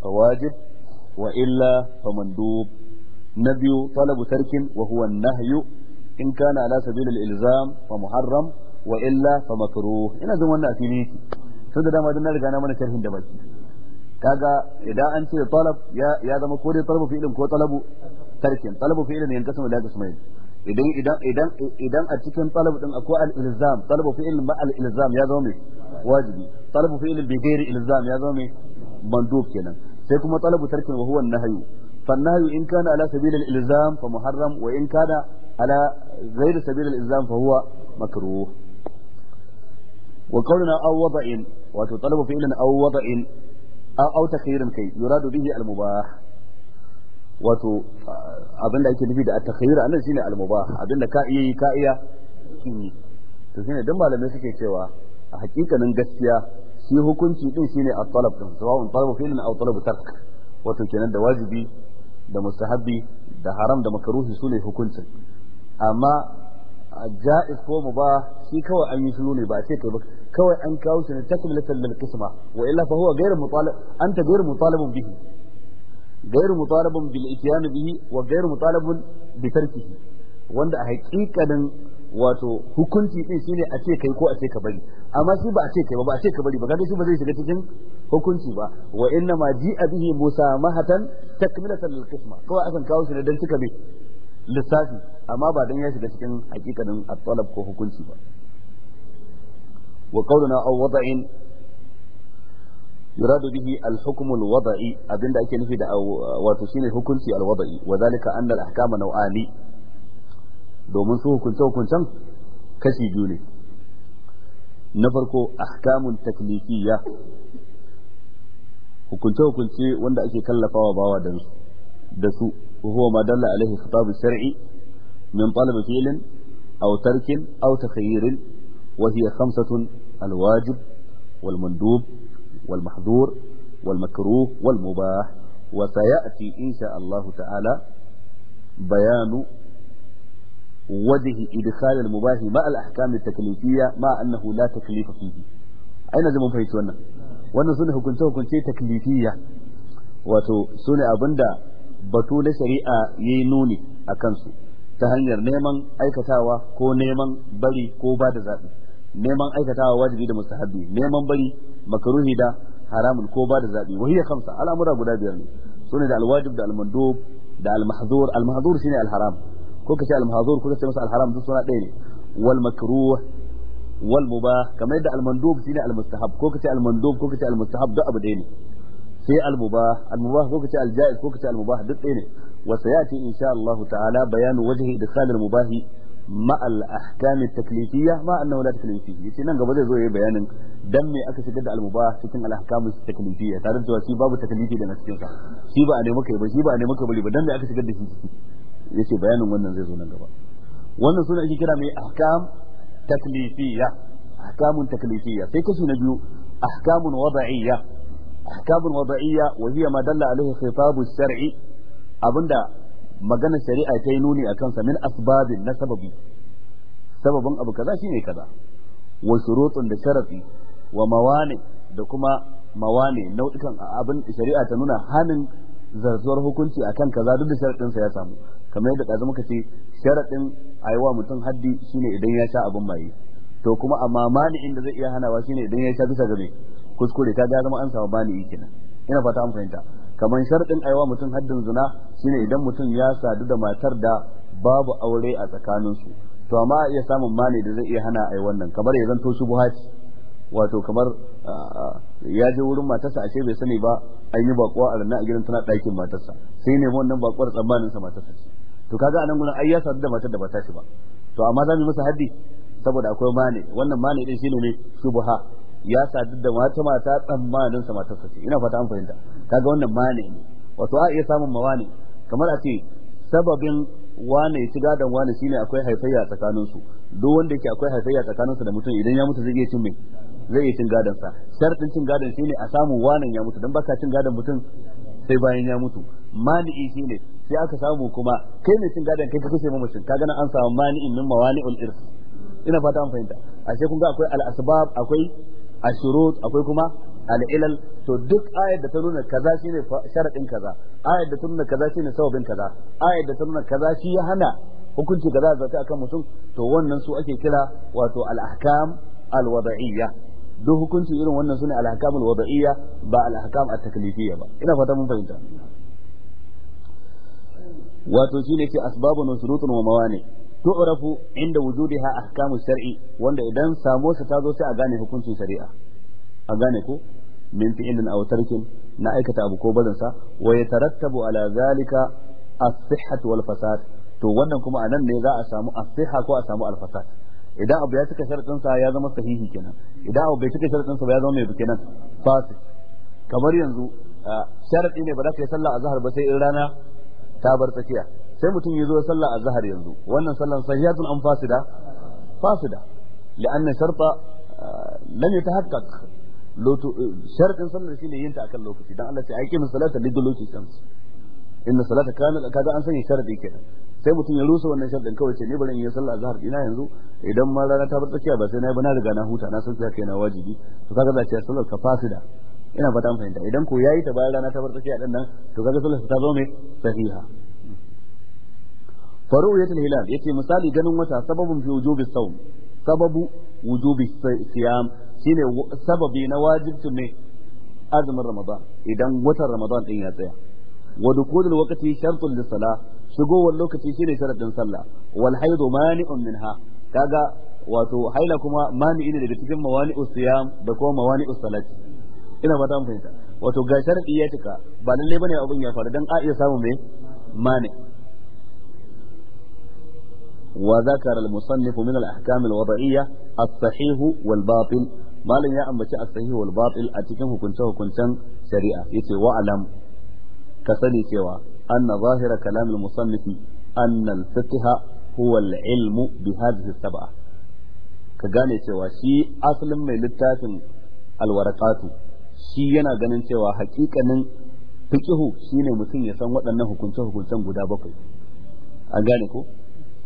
fa wajib wa illa fa mandub na biyu talabu tarkin wa huwa an in kana ala sabil al fa muharram wa illa fa makruh ina jin wannan asiri tun da dama na riga na mana sharhin da idan an ce talab ya zama ko talabu ko talabu talabu ne idan idan idan idan a cikin talab din akwai al-ilzam talabu fi'il ba al-ilzam ya zama wajibi talabu fi'il bi ghairi ilzam ya zama mandub kenan sai kuma talabu tarkin wa huwa an-nahyu فالنهي إن كان على سبيل الإلزام فمحرم وإن كان على غير سبيل الإلزام فهو مكروه وقولنا أو وضع وتطلب فعلا أو وضع أو, أو kai كي يراد به المباح wato abin da ake nufi da at-takhayyur anan shine al-mubah abin da ka iya yi ka iya to shine dan malamai suke cewa a hakikanin gaskiya shi hukunci din shine at-talab din sawa'un talabu fi'lin aw talabu tark wato kenan da wajibi da mustahabbi da haram da makaruhi sune hukuncin amma ja'iz ko mubah shi kawai an yi shiru ne ba sai kai ba kawai an kawo shi ne takmilatan lil qisma wa illa fa huwa ghayr mutalab anta ghayr mutalabun bihi غير مطالب بالاتيان به وغير مطالب بتركه wanda a hakikanin wato hukunci din shine a ce kai ko a ce ka bari amma shi ba a ce kai ba ba a ce ka bari ba kaga shi ba zai shiga cikin hukunci ba wa inna ma ji'a bihi musamahatan takmilatan lil qisma kawai san kawo shi ne dan cika bi lissafi amma ba dan ya shiga cikin hakikanin at-talab ko hukunci ba wa qawluna aw wada'in yuradu bihi al-hukm abinda ake nufi da wato shine hukunci al wa zalika anna al-ahkama naw'ani domin su hukunce hukuncen kashi biyu na farko ahkamun taklifiyya hukunce hukunce wanda ake kallafawa bawa dan da su huwa ma dalla alaihi khitab shar'i min talab fi'lin aw tarkin aw takhayyirin hamsatun alwajib wal mandub والمحظور والمكروه والمباح وسيأتي إن شاء الله تعالى بيان وجه إدخال المباح مع الأحكام التكليفية مع أنه لا تكليف فيه أين زمن سنة؟ وأن سنة كنت كنت تكليفية وتو سنة أبندا بطول شريعة ينوني أكنسو تهنير نيمان أي كتاوة كو نيمان بلي كو بعد ذاتي نيمان أي كتاوة da mustahabi نيمان بلي makaruhi da haramun ko ba da zabi wahiya kamsa al'amura guda biyar ne sune da alwajib da almandub da almahzur almahzur shine alharam ko kace almahzur ko kace masa alharam duk suna ɗaya ne wal makruh wal mubah kamar yadda almandub shine almustahab ko kace almandub ko kace almustahab duk abu ɗaya ne sai almubah almubah ko kace aljaiz ko kace almubah duk ɗaya ne wa sayati insha Allah ta'ala bayanu wajhi idkhal almubahi مع الاحكام التكليفيه مع انه لا تكليف فيه yace nan gaba zai zo yayi bayanin dan me aka shigar da al-mubah cikin al-ahkam at-taklifiyya tare da shi babu taklifi da cikin sa shi ba a nemi yi ba shi ba a nemi kai ba dan me aka shigar da shi ciki yace bayanin wannan zai zo nan gaba wannan suna ake kira mai ahkam taklifiyya ahkamun taklifiyya sai kashi na biyu ahkamun wada'iyya ahkamun wada'iyya wa hiya ma dalla alaihi khitabu shar'i abinda magana shari'a ta yi nuni akan sa min asbabin na sababi sababin abu kaza ne kaza wa shurutun da sharafi wa mawane da kuma mawane nau'ikan abin shari'a ta nuna hanin zarzuwar hukunci akan kaza duk da sharadin sa ya samu kamar yadda kaza muka ce sharadin aiwa mutum haddi shine idan ya sha abin maye to kuma amma mani'in da zai iya hanawa shine idan ya sha bisa gabe kuskure ta ga zama an samu bani kenan ina fata an fahimta kamar sharɗin aiwa mutum haddin zina shine idan mutum ya sadu da matar da babu aure a tsakaninsu to amma iya samun mani da zai iya hana ai wannan kamar ya zanto shi buhaci wato kamar ya je wurin matarsa ce bai sani ba an yi bakuwa a rana a gidan tana ɗakin matarsa sai ne wannan bakuwar tsammanin sa matarsa ce to kaga anan gurin ai ya sadu da matar da ba ta ba to amma za mu masa haddi saboda akwai mani wannan mani din shine ne shubuha ya sadu da matar mata tsammanin sa matarsa ce ina fata an fahimta kaga wannan mane ne wato a iya samun mawani kamar a ce sababin wane ya ci gadon wane shine akwai haifayya a tsakanin su duk wanda yake akwai haifayya a tsakanin su da mutum idan ya mutu zai iya cin mai zai iya cin gadon sa shartin cin gadon shine a samu wanan ya mutu dan baka cin gadon mutum sai bayan ya mutu mani'i shine sai aka samu kuma kai ne cin gadon kai ka kashe mamacin kaga nan an samu mani'in min mawani'ul irs ina fata an fahimta ashe kun ga akwai al asbab akwai ashurut akwai kuma al'ilal to duk ayar da ta nuna kaza shine sharadin kaza ayar da ta nuna kaza shine sababin kaza ayar da ta nuna kaza shi ya hana hukunci kaza zata akan mutum to wannan su ake kira wato al-ahkam al-wada'iyya duk hukunci irin wannan sune al-ahkam al-wada'iyya ba al-ahkam at-taklifiyya ba ina fata mun fahimta wato shine ce asbabun wa shurutun wa mawani tu'rafu inda wujudiha ahkamu shar'i wanda idan samo sa ta zo sai a gane hukuncin shari'a a gane ko min fi'lin aw tarkin na aikata abu ko barin sa wa yatarattabu ala zalika as-sihhat wal fasad to wannan kuma anan ne za a samu as-sihha ko a samu al-fasad idan abu ya cika sharadin sa ya zama sahihi kenan idan abu bai cika sharadin sa ba ya zama mai kenan fasid kamar yanzu sharadi ne ba za ka yi sallah azhar ba sai in rana ta bar tafiya sai mutum ya zo sallah azhar yanzu wannan sallan sahihatun an fasida fasida la'anna sharta lam yatahaqqaq loto sharadin shi shine yinta a kan lokaci dan Allah sai aiki min salata liduluki shams inna salata kana kaga an sanya ke da sai mutum ya rusa wannan sharadin kawai sai ni bari ya yi sallah azhar dina yanzu idan ma rana ta bar tsakiya ba sai na yi ba na riga na huta na san cewa kai na wajibi to kaga za ta sallar da ina fata an fahimta idan ko yayi ta bayan rana ta bar tsakiya din nan to kaga sallar ta zo mai sahiha tana hilal yace misali ganin wata sababun fi wujubi sawm sababu wujubi siyam shine sababi na wajibcin ne azumin ramadan idan watan ramadan din ya tsaya wa dukulul waqti shartun lis-salah shigowar lokaci shine sharadin sallah wal haidu mani'un minha kaga wato haila kuma mani'i ne daga cikin mawani'u siyam da kuma mawani'u salati ina fata ta fahimta wato ga sharadi ya cika ba lalle bane abun ya faru dan a iya samu me mani وذكر المصنف من الأحكام الوضعية الصحيح والباطل malam ya ambaci as-sahih wal batil a cikin hukunce hukuncen shari'a yace wa alam ka sani cewa anna zahira kalam al-musannifi anna al-fiqha huwa al-ilmu bi hadhihi sab'a ka gane cewa shi asalin mai littafin alwarakatu shi yana ganin cewa hakikanin fiqhu shine mutum ya san waɗannan hukunce hukuncen guda bakwai A gane ko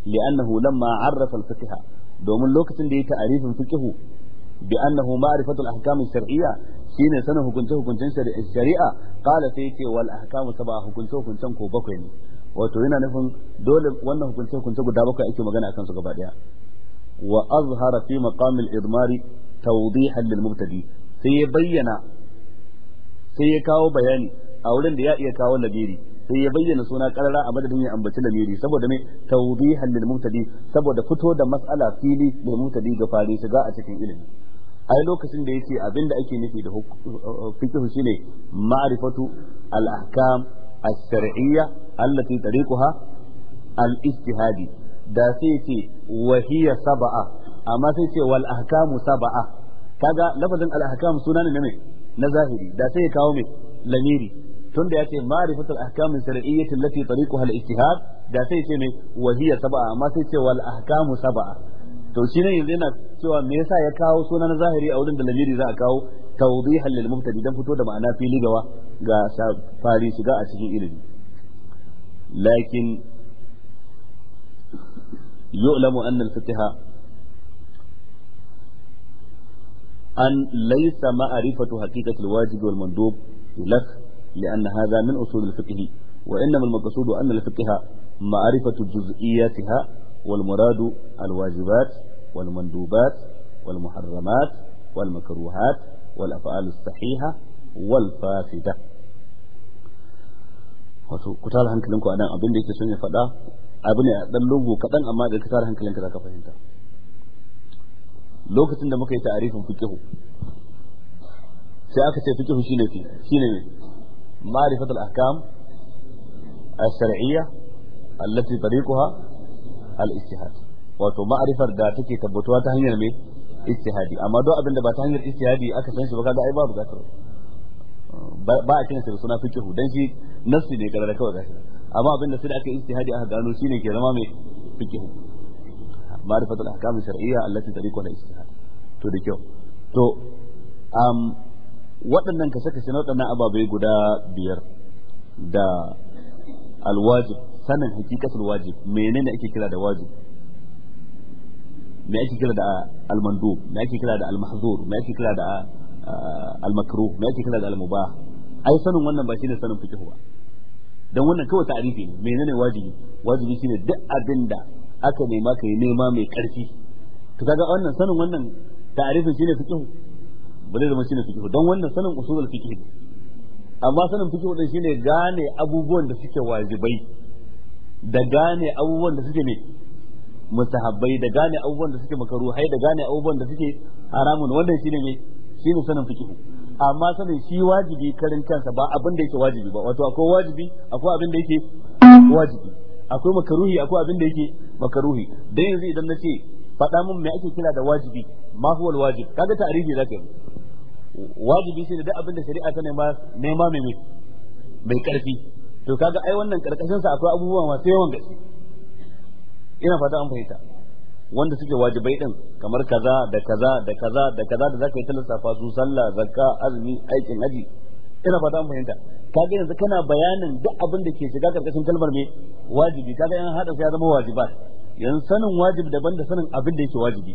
li'annahu lamma arrafa al-fiqha domin lokacin da ya ta'arifin fiqhu bi annahu ma'rifatu al-ahkam al-shar'iyya shine sanin hukunce hukuncen shari'a qala sai ce wal ahkamu sab'a hukunce hukuncen ko bakwai ne wato yana nufin dole wannan hukunce hukunce guda bakwai ake magana akan su gaba daya wa azhara fi sai ya bayyana sai ya kawo bayani a wurin da ya iya kawo labiri sai ya bayyana suna karara a madadin ya ambaci lamiri saboda mai tawdihan lil saboda fito da mas'ala fili lil ga fari shiga a cikin ilimi ai lokacin da yace abinda ake nufi da fiqh shine ma'rifatu al-ahkam ash-shar'iyya allati tariquha al-ijtihadi da sai yace wa hiya sab'a amma sai yace wal ahkamu sab'a kaga lafazin al-ahkam sunan ne na zahiri da sai ya kawo mai lamiri tunda yace ma'rifatul ahkam ash-shar'iyyati allati tariquha al-ijtihad da sai yace me wa hiya sab'a amma sai yace wal ahkamu sab'a to shi ne yanzu yana cewa me yasa ya kawo suna na zahiri a wurin da lamiri za a kawo tawdihan lil mubtadi dan fito da ma'ana fili gawa ga fari shiga a cikin ilimi lakin yu'lamu anna al-fatiha an laysa ma'rifatu haqiqati al-wajib wal mandub lak لأن هذا من أصول الفقه وإنما المقصود أن الفقه معرفة جزئياتها والمراد الواجبات والمندوبات والمحرمات والمكروهات والأفعال الصحيحة والفاسدة wato ku tara hankalinku a nan abin da yake son ya faɗa abu ne a ɗan lungu kaɗan amma da ka tara hankalinka za ka fahimta lokacin da muka yi ta'arifin fikihu sai aka ce fikihu shine fi shine ne ma'rifatul ahkam as-shar'iyya allati tariquha al-ijtihad wato ma'arifar da take tabbatuwa ta hanyar me ijtihadi amma duk abin da ba ta hanyar ijtihadi aka san shi ba kaga ai ba bukatar ba a kiransa da suna fiqhu dan shi nassi ne karara kawai gashi amma abin da sai da aka ijtihadi aka gano shine ke zama mai fiqhu ma'rifatul ahkam shar'iyya allati tariqu al ijtihad to da kyau to um waɗannan kashe-kashe na waɗannan ababai guda biyar da alwajib sanin hakikatul wajib menene ake kira da wajib me ake kira da ah, al-mandub me ake kira da al-mahzur me ake kira da ah, al-makruh me ake kira da al-mubah ai sanin wannan ba shine sanin fiqh ba dan wannan kawai ta'arifi ne menene wajibi wajibi shine duk abin da aka nema kai nema mai karfi to kaga wannan sanin wannan ta'arifin shine fiqh ba zai zama shine fiqh dan wannan sanin usulul fiqh amma sanin fiqh din shine gane abubuwan da suke wajibai da gane abubuwan da suke ne mustahabbai da gane abubuwan da suke makaruhai da gane abubuwan da suke haramun wannan shine ne shine sanin fikihu amma sanin shi wajibi karin kansa ba abin da yake wajibi ba wato akwai wajibi akwai abin da yake wajibi akwai makaruhi akwai abin da yake makaruhi dan yanzu idan na ce faɗa mun me ake kira da wajibi ma huwa wajib kaga ta'rifi zaka yi wajibi shine duk abin da shari'a ta nema nema mai mai karfi to kaga ai wannan karkashin sa akwai abubuwa masu yawan gaske ina fata an fahimta wanda suke wajibai din kamar kaza da kaza da kaza da kaza da zaka yi ta lissafa su sallah zakka azumi aikin haji ina fata an fahimta kaga yanzu kana bayanin duk abin da ke shiga karkashin kalmar me wajibi kaga yan hada sai ya zama wajiba yanzu sanin wajibi daban da sanin abin da yake wajibi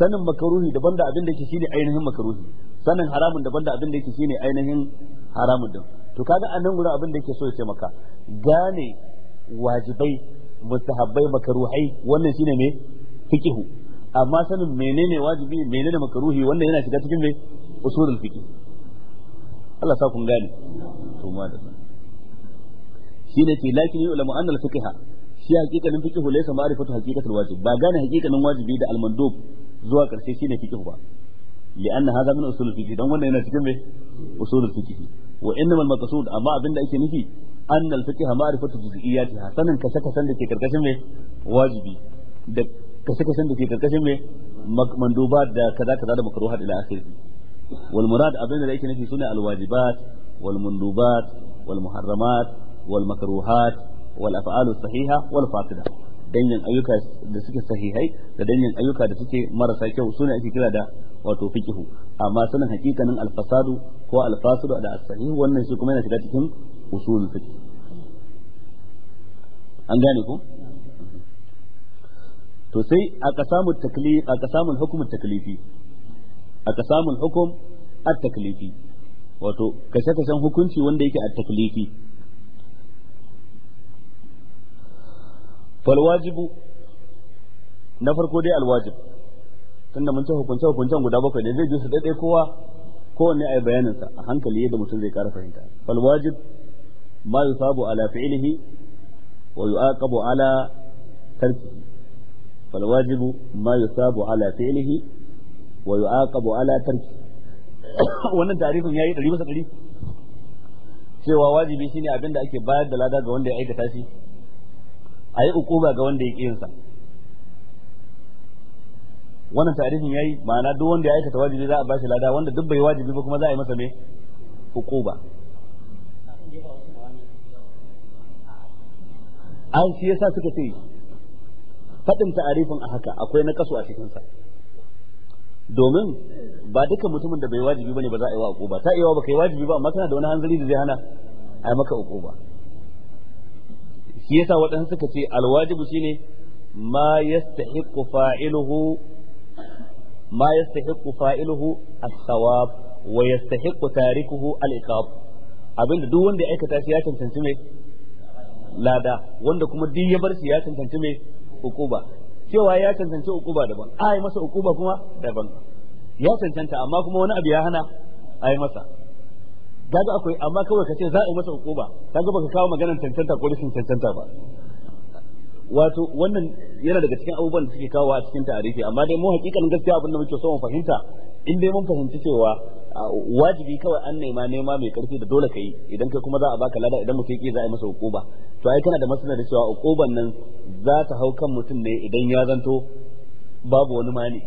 sanin makaruhi daban da abin da yake shine ainihin makaruhi sanin haramun daban da abin da yake shine ainihin haramun din to kaga a nan gurin abin da yake so ya ce maka gane wajibai mustahabbai makaruhai wannan shine me fiqhu amma sanin menene wajibi menene makaruhi wannan yana shiga cikin me usulul fiqh Allah sa kun gane to ma da shine ce lakin ulama anna al fiqha shi hakikanin fiqhu laysa ma'rifatu haqiqatul wajib ba gane hakikanin wajibi da al mandub zuwa karshe shine fiqhu ba li'anna hadha min usulul fiqh dan wannan yana cikin me usulul fiqh wa innamal maqsud amma abinda ake nufi annal fiqh ma'rifatu juz'iyyatiha sanin kashe kasan da ke karkashin me wajibi da kashe kasan da ke karkashin me manduba da kaza kaza da makruhat ila akhirih wal murad abinda ake nufi sune al wajibat wal mandubat wal muharramat wal makruhat wal af'alu sahiha wal fasida danyen ayyuka da suke sahihai da danyen ayyuka da suke marasa kyau sune ake kira da wato fiqhu amma sanin hakikanin alfasadu ko alfasadu da as wannan shi kuma yana shiga cikin usulul fiqh an gane ku? to sai aka samu taklif aka samu hukum taklifi aka samu hukum at-taklifi wato kashe kashen hukunci wanda yake at-taklifi fal wajibu na farko dai al-wajib tunda mun ce hukunce hukuncen guda bakwai ne zai ji su daidai kowa kowanne ayi bayanin sa a hankali yadda mutum zai ƙara fahimta fal wajib ma sabu ala fi'ilihi wa yu'aqabu ala tarki fal wajib ma sabu ala fi'ilihi wa yu'aqabu ala tarki wannan tarifin yi ɗari masa ɗari cewa wajibi shine abin da ake bayar da lada ga wanda ya aikata shi yi ukuba ga wanda ya ƙi yinsa wannan tarihin yayi ma'ana duk wanda ya aikata wajibi za a bashi lada wanda duk bai wajibi ba kuma za a yi masa ne hukuba an shi yasa suka ce fadin ta'arifin a haka akwai na kaso a cikin sa domin ba duka mutumin da bai wajibi bane ba za a yi wa hukuba ta iya ba kai wajibi ba amma kana da wani hanzari da zai hana a maka hukuba shi yasa waɗansu suka ce alwajibu shine ma yastahiqqu fa'iluhu ما يستحق فاعله الثواب ويستحق تاركه العقاب abin da duk wanda ya aikata shi ya cancanci mai lada wanda kuma duk ya bar shi ya cancanci mai ukuba cewa ya cancanci ukuba daban ai masa ukuba kuma daban ya cancanta amma kuma wani abu ya hana ai masa kaga akwai amma kawai kace za a yi masa ukuba kaga baka kawo maganar cancanta ko rashin cancanta ba wato wannan yana daga cikin abubuwan da suke kawo a cikin tarihi amma dai mu hakikalin gaskiya abin da muke so mu fahimta in dai mun fahimci cewa wajibi kawai an nema nema mai karfi da dole kai idan kai kuma za a baka lada idan mutum yake za a yi masa hukuma to ai kana da masana da cewa hukuman nan za ta hau kan mutum ne idan ya zanto babu wani mani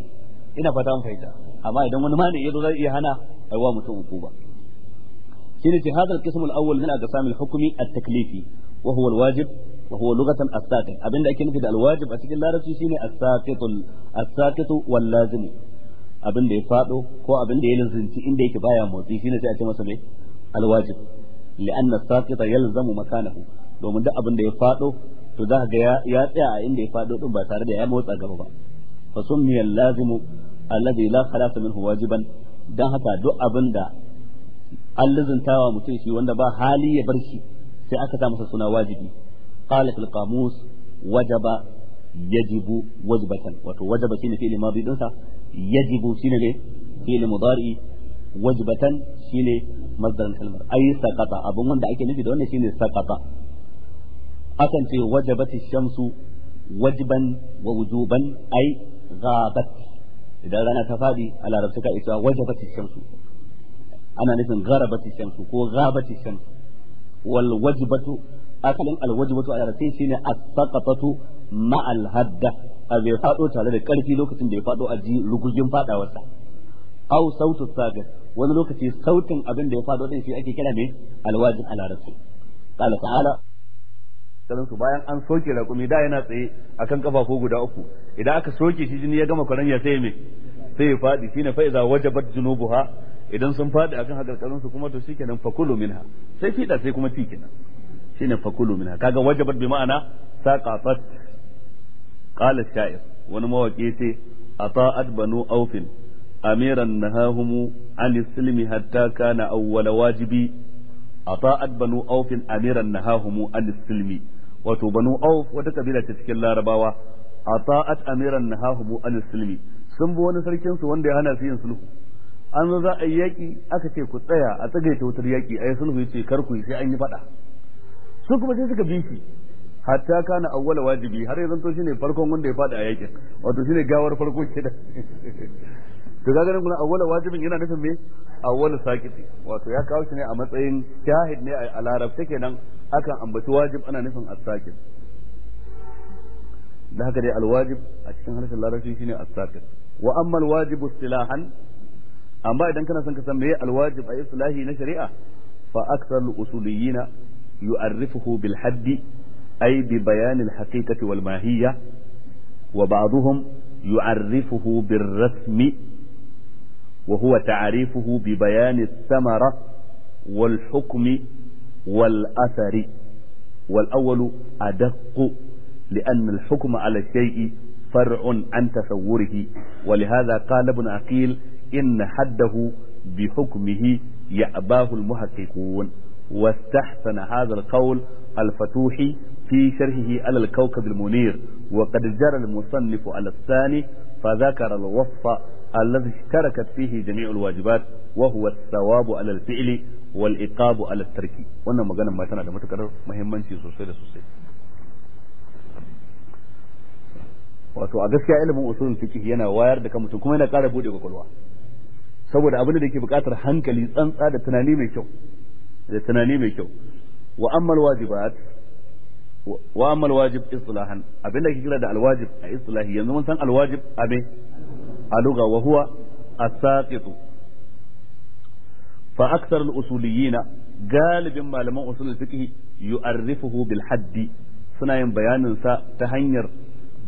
ina fata mun fahimta amma idan wani mani ya zo zai iya hana aiwa mutum hukuma shine ce hadal qismul awwal min aqsamil hukmi at-taklifi wa huwa al-wajib wa huwa lughatan as-saqit abinda ake nufi da al a cikin larabci shine as-saqitul as-saqitu wal lazim abinda ya fado ko abinda ya lazimci inda yake baya motsi shine sai a ce masa me al-wajib li'anna as-saqita yalzamu makanahu domin duk abinda ya fado to za ga ya tsaya a inda ya fado din ba tare da ya motsa gaba ba fa summiya al-lazimu alladhi la khalafa wajiban dan haka duk abinda an lazantawa mutum shi wanda ba hali ya bar shi sai aka sa masa suna wajibi qala fil qamus wajaba yajibu wajbatan wato wajaba shine fi'il madi dinsa yajibu shine ne fi'il mudari wajbatan shine masdarin kalmar ay abun wanda ake nufi da wannan shine saqata akan ce wajabati shamsu wajban wa wujuban ay ghabat idan rana ta fadi a larabci ka isa wajabati shamsu ana nufin gharabati shamsu ko shamsu wal wajbatu asalin alwajibatu a sai shine as-saqatatu ma'al hadda abai fado tare da karfi lokacin da ya fado a ji rugugin fadawarsa aw sautu sagir wani lokaci sautin abin da ya fado din shi ake kira me alwajib a rasul qala ta'ala kalan su bayan an soke raƙumi da yana tsaye akan ko guda uku idan aka soke shi jini ya gama kwaranya sai me sai ya fadi shine fa iza wajabat junubuha idan sun fadi akan hakarkarin su kuma to shikenan fakulu minha sai fida sai kuma shikenan shine fakulu minha kaga wajabat bi ma'ana saqafat qala sha'ir wani mawaki yace ata'at banu aufin amiran nahahumu an silmi hatta kana awwal wajibi ata'at banu aufin amiran nahahumu an silmi wato banu auf wata kabila ce cikin larabawa ata'at amiran nahahumu an silmi sun bi wani sarkin su wanda ya hana su yin sulhu an zo za a yi yaƙi aka ce ku tsaya a tsagaita wutar yaƙi a yi sulhu yace kar ku yi sai an yi faɗa su kuma sai suka bi shi hatta kana awwala wajibi har yanzu to shine farkon wanda ya fada a yakin wato shine gawar farko kenan to kaga nan kuma awwala wajibin yana nufin me awwala sakiti wato ya kawo shi ne a matsayin shahid ne a larabta kenan akan ambaci wajib ana nufin as-sakit da haka dai al-wajib a cikin harshen larabci shine as-sakit wa amma al-wajibu istilahan amma idan kana son ka san meye al-wajib a islahi na shari'a fa aktsar usuliyina يعرفه بالحد أي ببيان الحقيقة والماهية وبعضهم يعرفه بالرسم وهو تعريفه ببيان الثمرة والحكم والأثر والأول أدق لأن الحكم على الشيء فرع عن تصوره ولهذا قال ابن عقيل إن حده بحكمه يأباه المحققون واستحسن هذا القول الفتوحي في شرحه على الكوكب المنير وقد جرى المصنف على الثاني فذكر الوصف الذي اشتركت فيه جميع الواجبات وهو الثواب على الفعل والإقاب على الترك wannan maganar ma tana da matukar muhimmanci sosai da sosai wato a gaskiya ilimin usulul fiqh yana wayar da kan mutum kuma yana ƙara bude kwakwalwa saboda abin da yake buƙatar hankali tsantsa da tunani mai kyau إذا تنانيمي كو وأما الواجبات وأما الواجب إصلاحا أبين لك كلا الواجب إصلاحي ينظم سن الواجب أبي ألغى وهو الساقط فأكثر الأصوليين غالب ما لم أصول الفكه يؤرفه بالحد سنين بيانن سا تهنير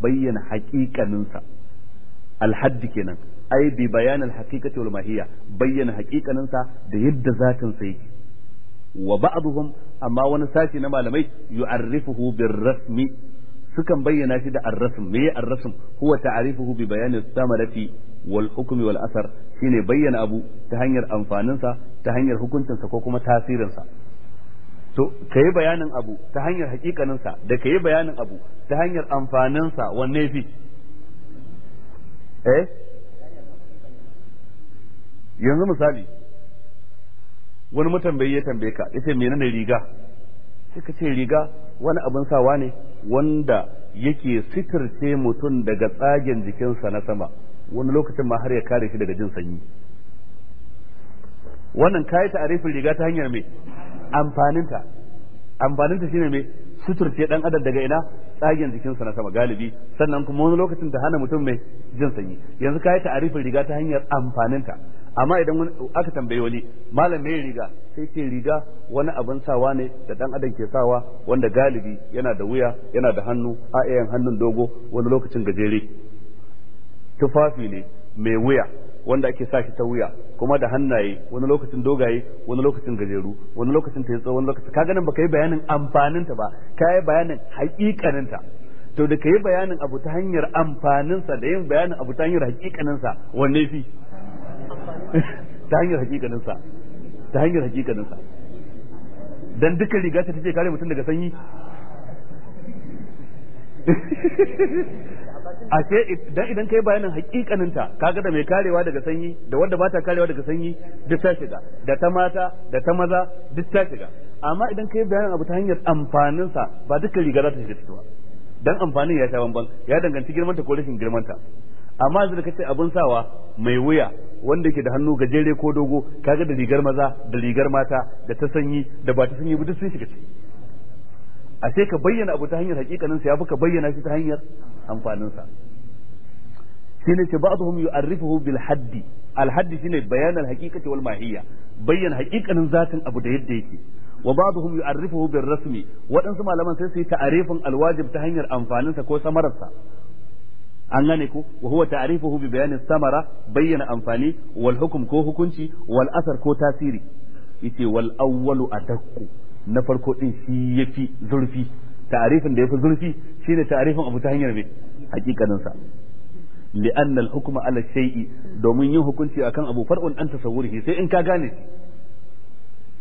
بيّن حقيقة ننسى الحد كنا أي بيان الحقيقة والماهية بيّن حقيقة ننسى ده يد ذات سيكي wa ba'dhum amma wani sashi na malamai yu'arrifuhu rasmi sukan bayyana shi da arrasm me arrasm huwa ta'rifuhu bi bayani samarati wal hukmi wal athar shine bayyana abu ta hanyar amfanin sa ta hanyar hukuncin ko kuma tasirinsa. sa to kai bayanin abu ta hanyar hakikanin sa da kai bayanin abu ta hanyar amfanin sa wanne fi eh? yanzu misali wani matambayi ya tambaye ka yace menene riga sai ka ce riga wani abin sawa ne wanda yake sitirce mutum daga tsagen jikinsa na sama wani lokacin ma har ya kare shi daga jin sanyi wannan kayi ta'arifin riga ta hanyar mai amfaninta amfaninta shine mai suturce dan adam daga ina tsagen jikinsa na sama galibi sannan kuma wani lokacin ta hana mutum mai jin sanyi yanzu kayi ta'arifin riga ta hanyar amfaninta amma idan aka tambaye wani malam mai riga sai ce riga wani abin sawa ne da dan adam ke sawa wanda galibi yana da wuya yana da hannu a iyan hannun dogo wani lokacin gajere tufafi ne mai wuya wanda ake sa shi ta wuya kuma da hannaye wani lokacin dogaye wani lokacin gajeru wani lokacin ta wani lokacin ka ganin baka yi bayanin amfaninta ba ka yi bayanin hakikaninta to da ka yi bayanin abu ta hanyar amfaninsa da yin bayanin abu ta hanyar hakikaninsa wanne fi ta hanyar hakikanin sa ta hanyar hakikanin sa dan dukkan riga ta take kare mutum daga sanyi ce dan idan kai bayanin hakikanin ta kaga da mai karewa daga sanyi da wanda ba ta karewa daga sanyi duk ta shiga da ta mata da ta maza duk ta shiga amma idan kai bayanin abu ta hanyar amfanin sa ba dukkan riga za ta shiga cikin dan amfanin ya sha bamban ya danganci girman ta ko rashin girman ta amma yanzu da kace abun sawa mai wuya wanda ke da hannu gajere ko dogo kaga da rigar maza da rigar mata da ta sanyi da ba ta sanyi ba duk sun shiga ciki A sai ka bayyana abu ta hanyar hakikanin sa fi ka bayyana shi ta hanyar amfanin sa ne ce ba'dhum yu'arrifuhu bil haddi al haddi shine bayan al haqiqati wal mahiyya bayyana hakikanin zatin abu da yadda yake wa ba'dhum yu'arrifuhu bil rasmi waɗansu malaman sai su yi ta'arifin al wajib ta hanyar amfanin sa ko samararsa an gane ko wa huwa ta'rifuhu bi bayani samara bayyana amfani wal hukm ko hukunci wal asar ko tasiri yace wal awwalu adaqqu na farko din shi yafi zurfi ta'rifin da yafi zurfi shine ta'rifin abu ta hanyar me hakikanin sa li'anna al hukma ala shay'i domin yin hukunci akan abu far'un an tasawwurihi sai in ka gane shi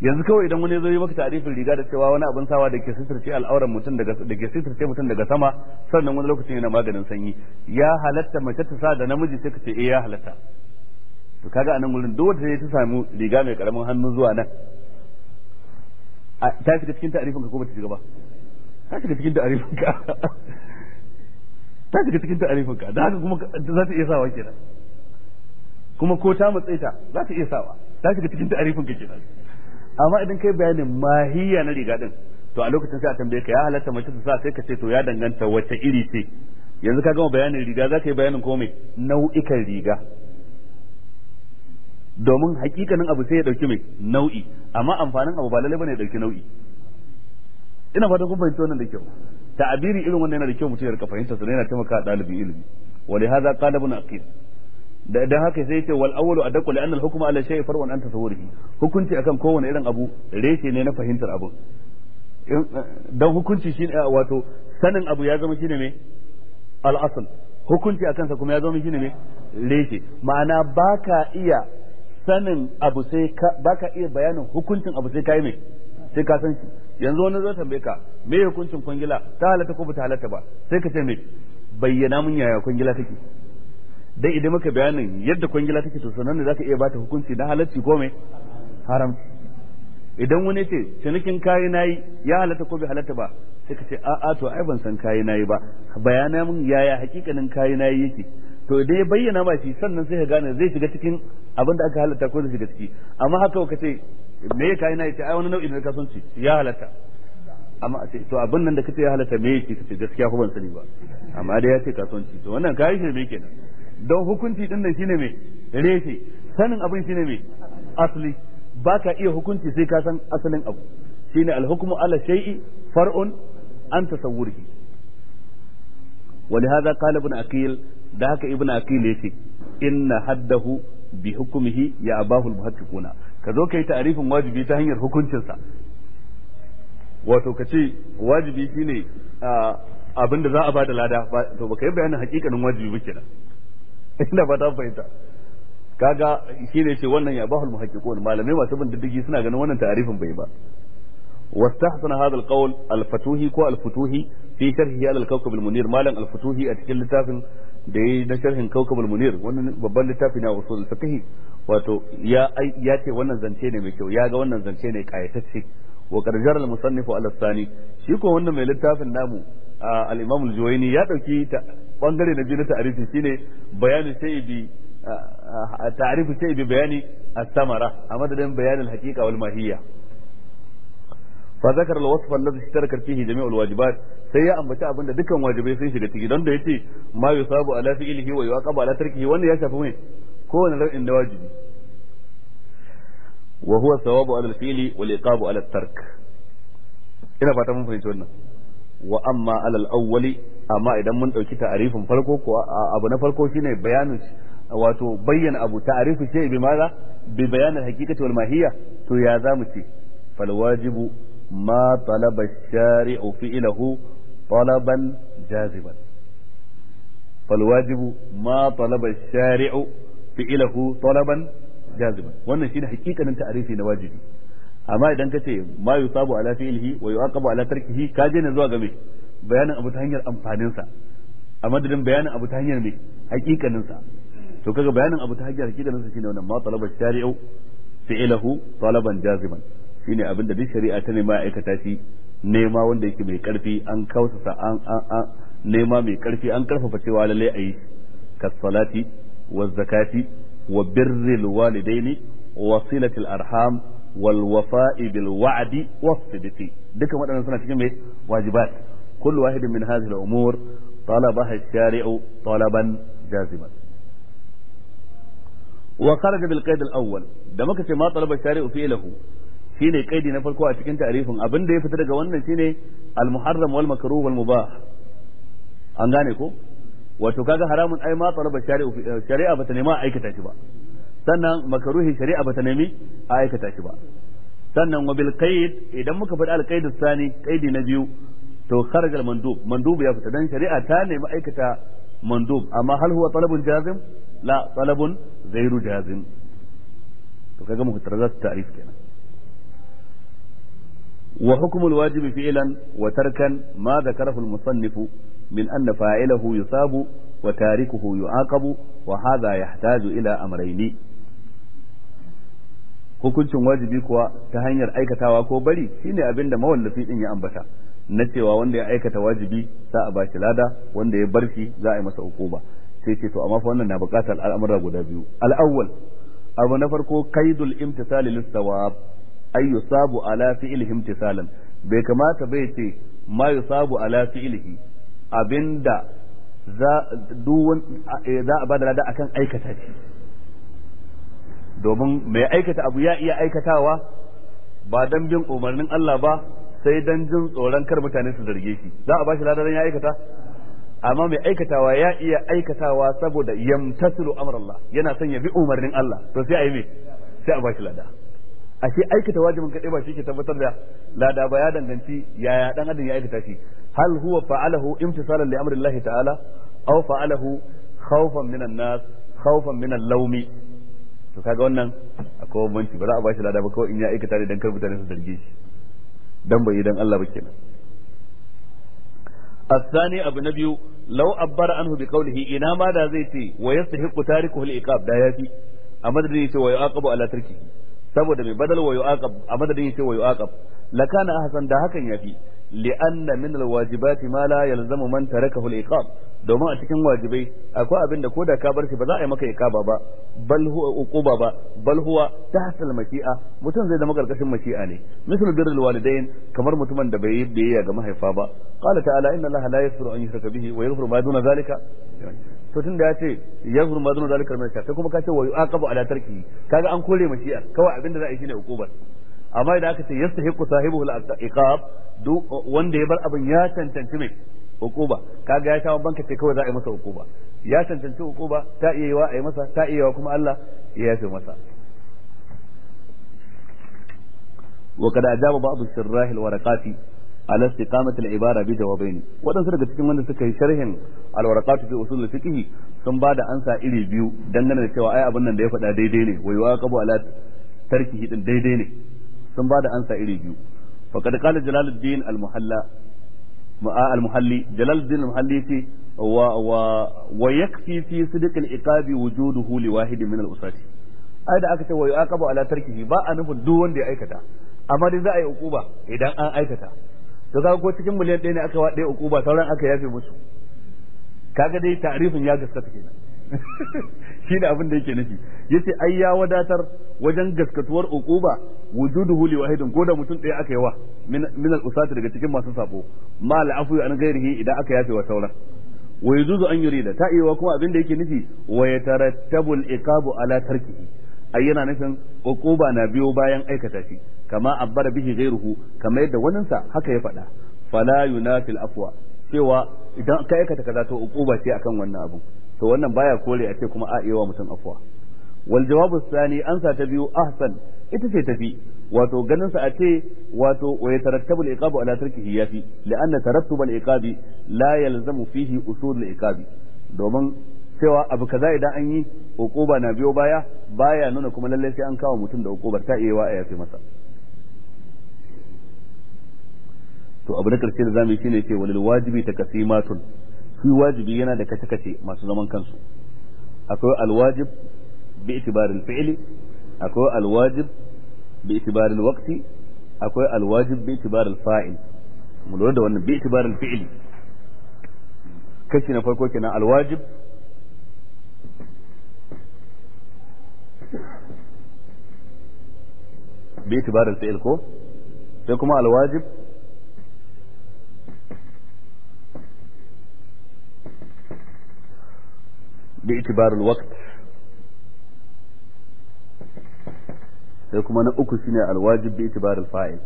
yanzu kawai idan wani zo yi maka tarifin riga da cewa wani abin sawa da ke sitirce al'auran mutum daga da ke sitirce mutum daga sama sannan wani lokacin yana maganin sanyi ya halatta mace ta sa da namiji sai ka ce eh ya halatta to kaga anan gurin duk wanda ta samu riga mai karamin hannu zuwa nan ta shiga cikin tarifin ka ko bata shiga ba ta shiga cikin tarifin ka ta shiga cikin tarifin ka da haka kuma za ta iya sawa kenan kuma ko ta matsaita za ta iya sawa ta shiga cikin tarifin ka kenan amma idan kai bayanin mahiya na riga din to a lokacin sai a tambaye ka ya halatta mace ta sa sai ka ce to ya danganta wace iri ce yanzu ka gama bayanin riga za ka yi bayanin komai nau'ikan riga domin hakikanin abu sai ya dauki mai nau'i amma amfanin abu ba lalle bane ya dauki nau'i ina fata kun fahimci wannan da kyau ta'abiri irin wannan yana da kyau mutum ya rika fahimta sannan yana taimaka a ɗalibin ilimi wa li hadha qala ibn aqil da haka sai yace wal awwalu adaqu li anna al hukma ala shay'in farwan an tasawwurihi hukunci akan kowane irin abu reshe ne na fahimtar abu dan hukunci shine wato sanin abu ya zama shine me al asl hukunci akan sa kuma ya zama shine me reshe ma'ana baka iya sanin abu sai baka iya bayanin hukuncin abu sai kai mai sai ka san shi yanzu wani zai tambaye ka me hukuncin kwangila ta halatta ko ba ta halatta ba sai ka ce me bayyana mun yaya kwangila take Dai idan muka bayanin yadda kwangila take to sanan ne zaka iya bata hukunci na halarci ko me haram idan wani ce cinikin kai nayi ya halatta ko bai halatta ba sai ka ce a a to ai ban san kai nayi ba bayana mun yaya hakikanin kai nayi yake to idan ya bayyana ma shi sannan sai ka gane zai shiga cikin abin da aka halatta ko zai shiga ciki amma haka ka ce me ya kai nayi ce ai wani nau'i ka kasuwanci ya halatta amma ce to abin nan da kace ya halatta me yake kace gaskiya ko ban sani ba amma dai ya ce ka kasuwanci to wannan kayi shi me kenan don hukunci din nan shine me rese sanin abin shine mai asli baka iya hukunci sai ka san asalin abu shine alhukmu ala shay'i far'un an da haka قال ابن أكيل ده ابن أكيل يتي إن حده بحكمه يأباه المحققون كذو كي تعريف واجبي تهنير حكم شنسا wato ka wajibi shine ah, abinda da za a bada lada to baka yi bayanin hakikanin wajibi ba kenan ina ba ta fahimta kaga shi ne ce wannan ya bahul muhaqqiqun malamai masu bin diddigi suna ganin wannan ta'arifin bai ba واستحسن هذا القول الفتوهي كو الفتوهي في شرحه على الكوكب المنير مالا الفتوهي اتكل لتاف دي na sharhin kawkabul munir wannan babban littafi na usul fiqh wato ya ya ce wannan zance ne mai kyau ya ga wannan zance ne kayatacce wa qarjar al musannif al thani shi ko wannan mai littafin namu al imam al juwayni ya bangare na biyu na ta'arifi shine bayanin sai bi ta'arifi sai bayani as-samara a madadin bayanin haqiqa wal mahiyya fa zakar al-wasf alladhi ishtaraka fihi sai ya ambaci abin da dukkan wajibai sun shiga ciki don da yace ma yusabu ala fi'lihi wa yuqabu ala tarkihi wanda ya shafi mai kowane nau'in da wajibi wa ina fata mun fahimci wannan wa amma alal al-awwali amma idan mun ɗauki ta'arifin farko ko abu na farko shine bayanin wato bayyana abu ta'arifu shi bi maza bi bayanin hakikati wal mahiyya to ya za mu ce fal wajibu ma talaba shari'u ilahu talaban jaziban fal wajibu ma talaba shari'u ilahu talaban jaziban wannan shine hakikanin ta'arifi na wajibi amma idan ka ce ma yusabu ala fi'lihi wa yu'aqabu ala tarkihi ka je ne zuwa ga me bayanin abu ta hanyar amfaninsa a madadin bayanin abu ta hanyar mai hakikaninsa to kaga bayanin abu ta hanyar hakikaninsa shine wannan ma talaba shari'u fi'lahu talaban jaziman shine abin da duk shari'a ta nema aikata shi nema wanda yake mai karfi an kausasa an an nema mai karfi an karfafa cewa lalle a yi kasalati wa zakati wa birril walidaini wa silatil arham wal wafa'i bil wa'di was sidqi duka waɗannan suna cikin mai wajibat كل واحد من هذه الأمور طلبها الشارع طلبا جازما وخرج بالقيد الأول دمك ما طلب الشارع فعله shine kaidi na farko a cikin tarifin abin da ya fita daga wannan shine al-muharram wal an gane ko wato kaga haramun ai ma talaba shari'u shari'a bata nema aikata shi ba sannan makruhi shari'a a aikata shi ba sannan wa idan muka faɗi al sani kaidi na biyu to kharaja mandub mandub ya fita dan shari'a ta nemi aikata mandub amma hal huwa talabun jazim la talabun zairu jazim to kaga mu tara ta'rif kenan wa hukmu alwajibi fi'lan wa tarkan ma dhakarahu almusannif min anna fa'ilahu yusabu wa tarikuhu yu'aqabu wa hadha yahtaju ila amrayni hukuncin wajibi kuwa ta hanyar aikatawa ko bari shine abinda mawallafi din ya ambata na cewa wanda ya aikata wajibi za a bashi lada wanda ya bar shi za a yi masa hukuma sai ce to amma fa wannan na buƙatar al'amura guda biyu al'awwal abu na farko kaidul imtisal lis sawab ay yusabu ala fi'il imtisalan bai kamata bai ce ma yusabu ala fi'lihi abinda za duwan eh, za a bada lada akan aikata shi domin mai aikata abu ya iya aikatawa ba dan bin umarnin Allah ba sai dan jin tsoron kar mutane su zarge shi za a bashi ladan ya aikata amma mai aikatawa ya iya aikatawa saboda yamtasilu amrullah yana son ya bi umarnin Allah to sai a yi me sai a bashi lada ashe aikata wajibin kadai ba shi ke tabbatar da lada ba ya danganci yaya dan adam ya aikata shi hal huwa fa'alahu imtisalan li amrillahi ta'ala aw fa'alahu khawfan an nas khawfan al-lawm to kaga wannan akwai banci ba za a bashi lada ba kawai in ya aikata ne dan kar mutane su zarge shi dan bai dan Allah ba kenan الثاني أبو نبيو لو أبر عنه بقوله إنا ما دا زيتي ويستحق تاركه الإقاب دا ياتي أمدد يتي ويعاقب على تركه saboda mai badal wa yu'aqab a madadin yace wa yu'aqab la da hakan yafi li'anna min alwajibati ma la yalzamu man tarakahu al-iqab domin a cikin wajibai akwai abinda da ko da ka bar shi ba za a yi maka iqaba ba bal huwa uquba ba bal huwa tahta al-mashi'a mutum zai zama karkashin mashi'a ne misal birrul walidain kamar mutumin da bai yi biyayya ga mahaifa ba qala ta'ala inna allaha la an zalika ya ce ya zuru ma zuru zalikar mai sai kuma ka ce wa yu'aqabu ala tarki kaga an kore mashi'a kawai abinda za a yi shine hukubar amma idan aka ce yasta hiku sahibu al-iqab wanda ya bar abin ya cancanci mai hukuba kaga ya sha banka ce kawai za a yi masa hukuba ya cancanci hukuba ta iya yi wa a yi masa ta iya wa kuma Allah ya yafe masa wa kada ajaba ba'd sirrahil warqati ala istiqamat al-ibara bi ne waɗansu daga cikin wanda suka yi sharhin al-warqati fi usul al sun ba da ansa iri biyu dangane da cewa ai abin nan da ya faɗa daidai ne wa yuwa qabu ala tarkihi din daidai ne sun ba da ansa iri biyu faqad qala jalaluddin al-muhalla ma'a al-muhalli jalaluddin al-muhalli fi wa wa yakfi fi sidq al-iqabi wujuduhu li wahidin min al-usati ai da aka ce wa yuqabu ala tarkihi ba a nufin duk wanda ya aikata amma dai za a yi ukuba idan an aikata to kaga ko cikin miliyan ɗaya ne aka wa ɗaya ukuba sauran aka yafe musu kaga dai ta'rifin ya gaskata kenan shi ne abin da yake nufi yace ai ya wadatar wajen gaskatuwar uquba wujuduhu li wahidin ko da mutum ɗaya aka yi wa min al usati daga cikin masu sabo ma al afu an ghairihi idan aka yafe wa sauran wa yuzu an yurida ta iya kuma abin da yake nufi wa yatarattabu al iqabu ala tarkihi ai yana nufin uquba na biyo bayan aikata shi kama abbara bihi ghairuhu kama yadda waninsa haka ya faɗa fala yunafil afwa cewa idan ka aikata kaza to uquba ce akan wannan abu to wannan baya kore a ce kuma a iya wa mutum afwa wal jawabu sani ansa ta biyu ahsan ita ce tafi wato ganin sa a ce wato wa yatarattabu al-iqabu ala tarkihi yafi la'anna tarattub al-iqabi la yalzamu fihi usul al-iqabi domin cewa abu kaza idan an yi hukuba na biyo baya baya nuna kuma lallai sai an kawo mutum da hukubar ta iya a yafe masa to abu na karshe da zamu yi shine ce walil wajibi takasimatun shi wajibi yana da kace-kace masu zaman kansu akwai alwajib باعتبار الفعل أكو الواجب باعتبار الوقت أكو الواجب باعتبار الفاعل ملورد وأن باعتبار الفعل كشنا فرقو كنا الواجب باعتبار الفعل كو فيكم الواجب باعتبار الوقت sai kuma na uku shine alwajib bi itibar alfa'il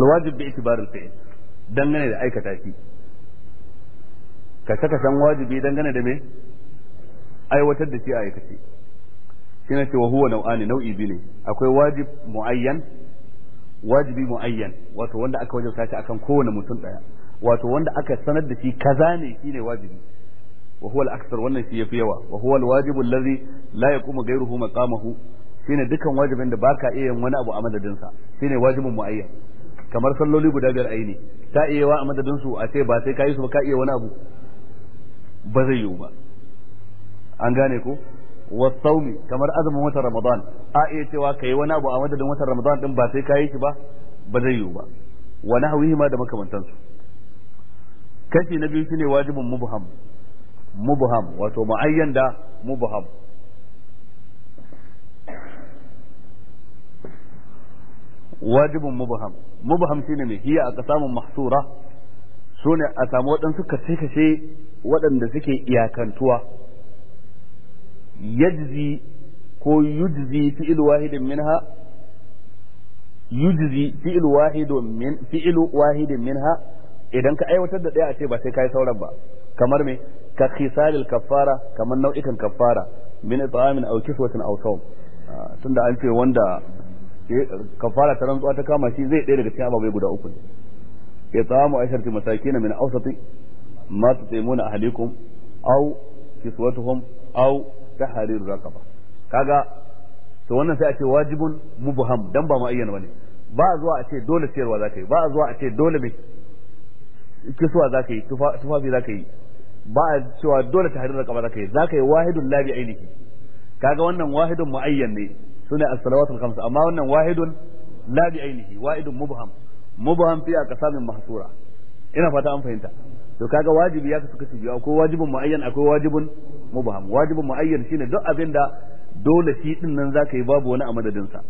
alwajib bi itibar alfa'il dangane da aikata shi ka saka san wajibi dangane da me aiwatar da shi a aikace shi ne cewa huwa nau'ani nau'i biyu ne akwai wajib mu'ayyan wajibi mu'ayyan wato wanda aka wajabta shi akan kowane mutum daya wato wanda aka sanar da shi kaza ne shine wajibi wa huwa al-akthar wannan shi yafi yawa wa huwa al-wajibu alladhi la yaqumu ghayruhu maqamahu shine dukan wajibin da baka iya yin wani abu a madadin sa shine wajibin muayyan kamar salloli guda biyar aini ta iya wa a madadin su a ce ba sai ka yi su ba ka iya wani abu ba zai yiwu ba an gane ko wasaumi kamar azumin watan ramadan a iya cewa ka yi wani abu a madadin watan ramadan din ba sai ka yi shi ba ba zai yiwu ba wa nahwihi ma da makamantansu kashi na biyu shine wajibin mubham mubham wato ma'ayyan da mubham wajibin mubham mubham shine mai hiya aka samu mahsura sune a samu waɗansu kashe-kashe waɗanda suke iyakantuwa yajzi ko yujzi fi'il wahidin minha yujzi fi'il wahidun min fi'il wahidin minha idan ka aiwatar da ɗaya a ce ba sai kai sauran ba kamar me ka khisalil kaffara kamar nau'ikan kaffara min ta'amin aw kiswatin aw sawm ah, tunda an ce wanda kaffara ta rantsuwa ta kama shi zai ɗaya daga cikin ababai guda uku Ya a asharati masakin min awsati ma tutimuna ahlikum aw kiswatuhum aw tahrir raqaba kaga to wannan sai a ce wajibun mubham dan ba mu ayyana bane ba zuwa a ce dole ciyarwa zakai ba zuwa a ce dole mai kisuwa za ka yi tufafi za ka yi ba a cewa dole ta harin raka ba za ka yi za ka yi wahidun labi ainihi kaga wannan wahidun mu'ayyan ne su ne as-salawatul khamsa amma wannan wahidun labi ainihi wahidun mubham mubham fi aqsamin mahsura ina fata an fahimta to kaga wajibi ya kasu kashi biyu akwai wajibin mu'ayyan akwai wajibin mubham wajibin mu'ayyan shine duk abinda dole shi din nan zaka yi babu wani a sa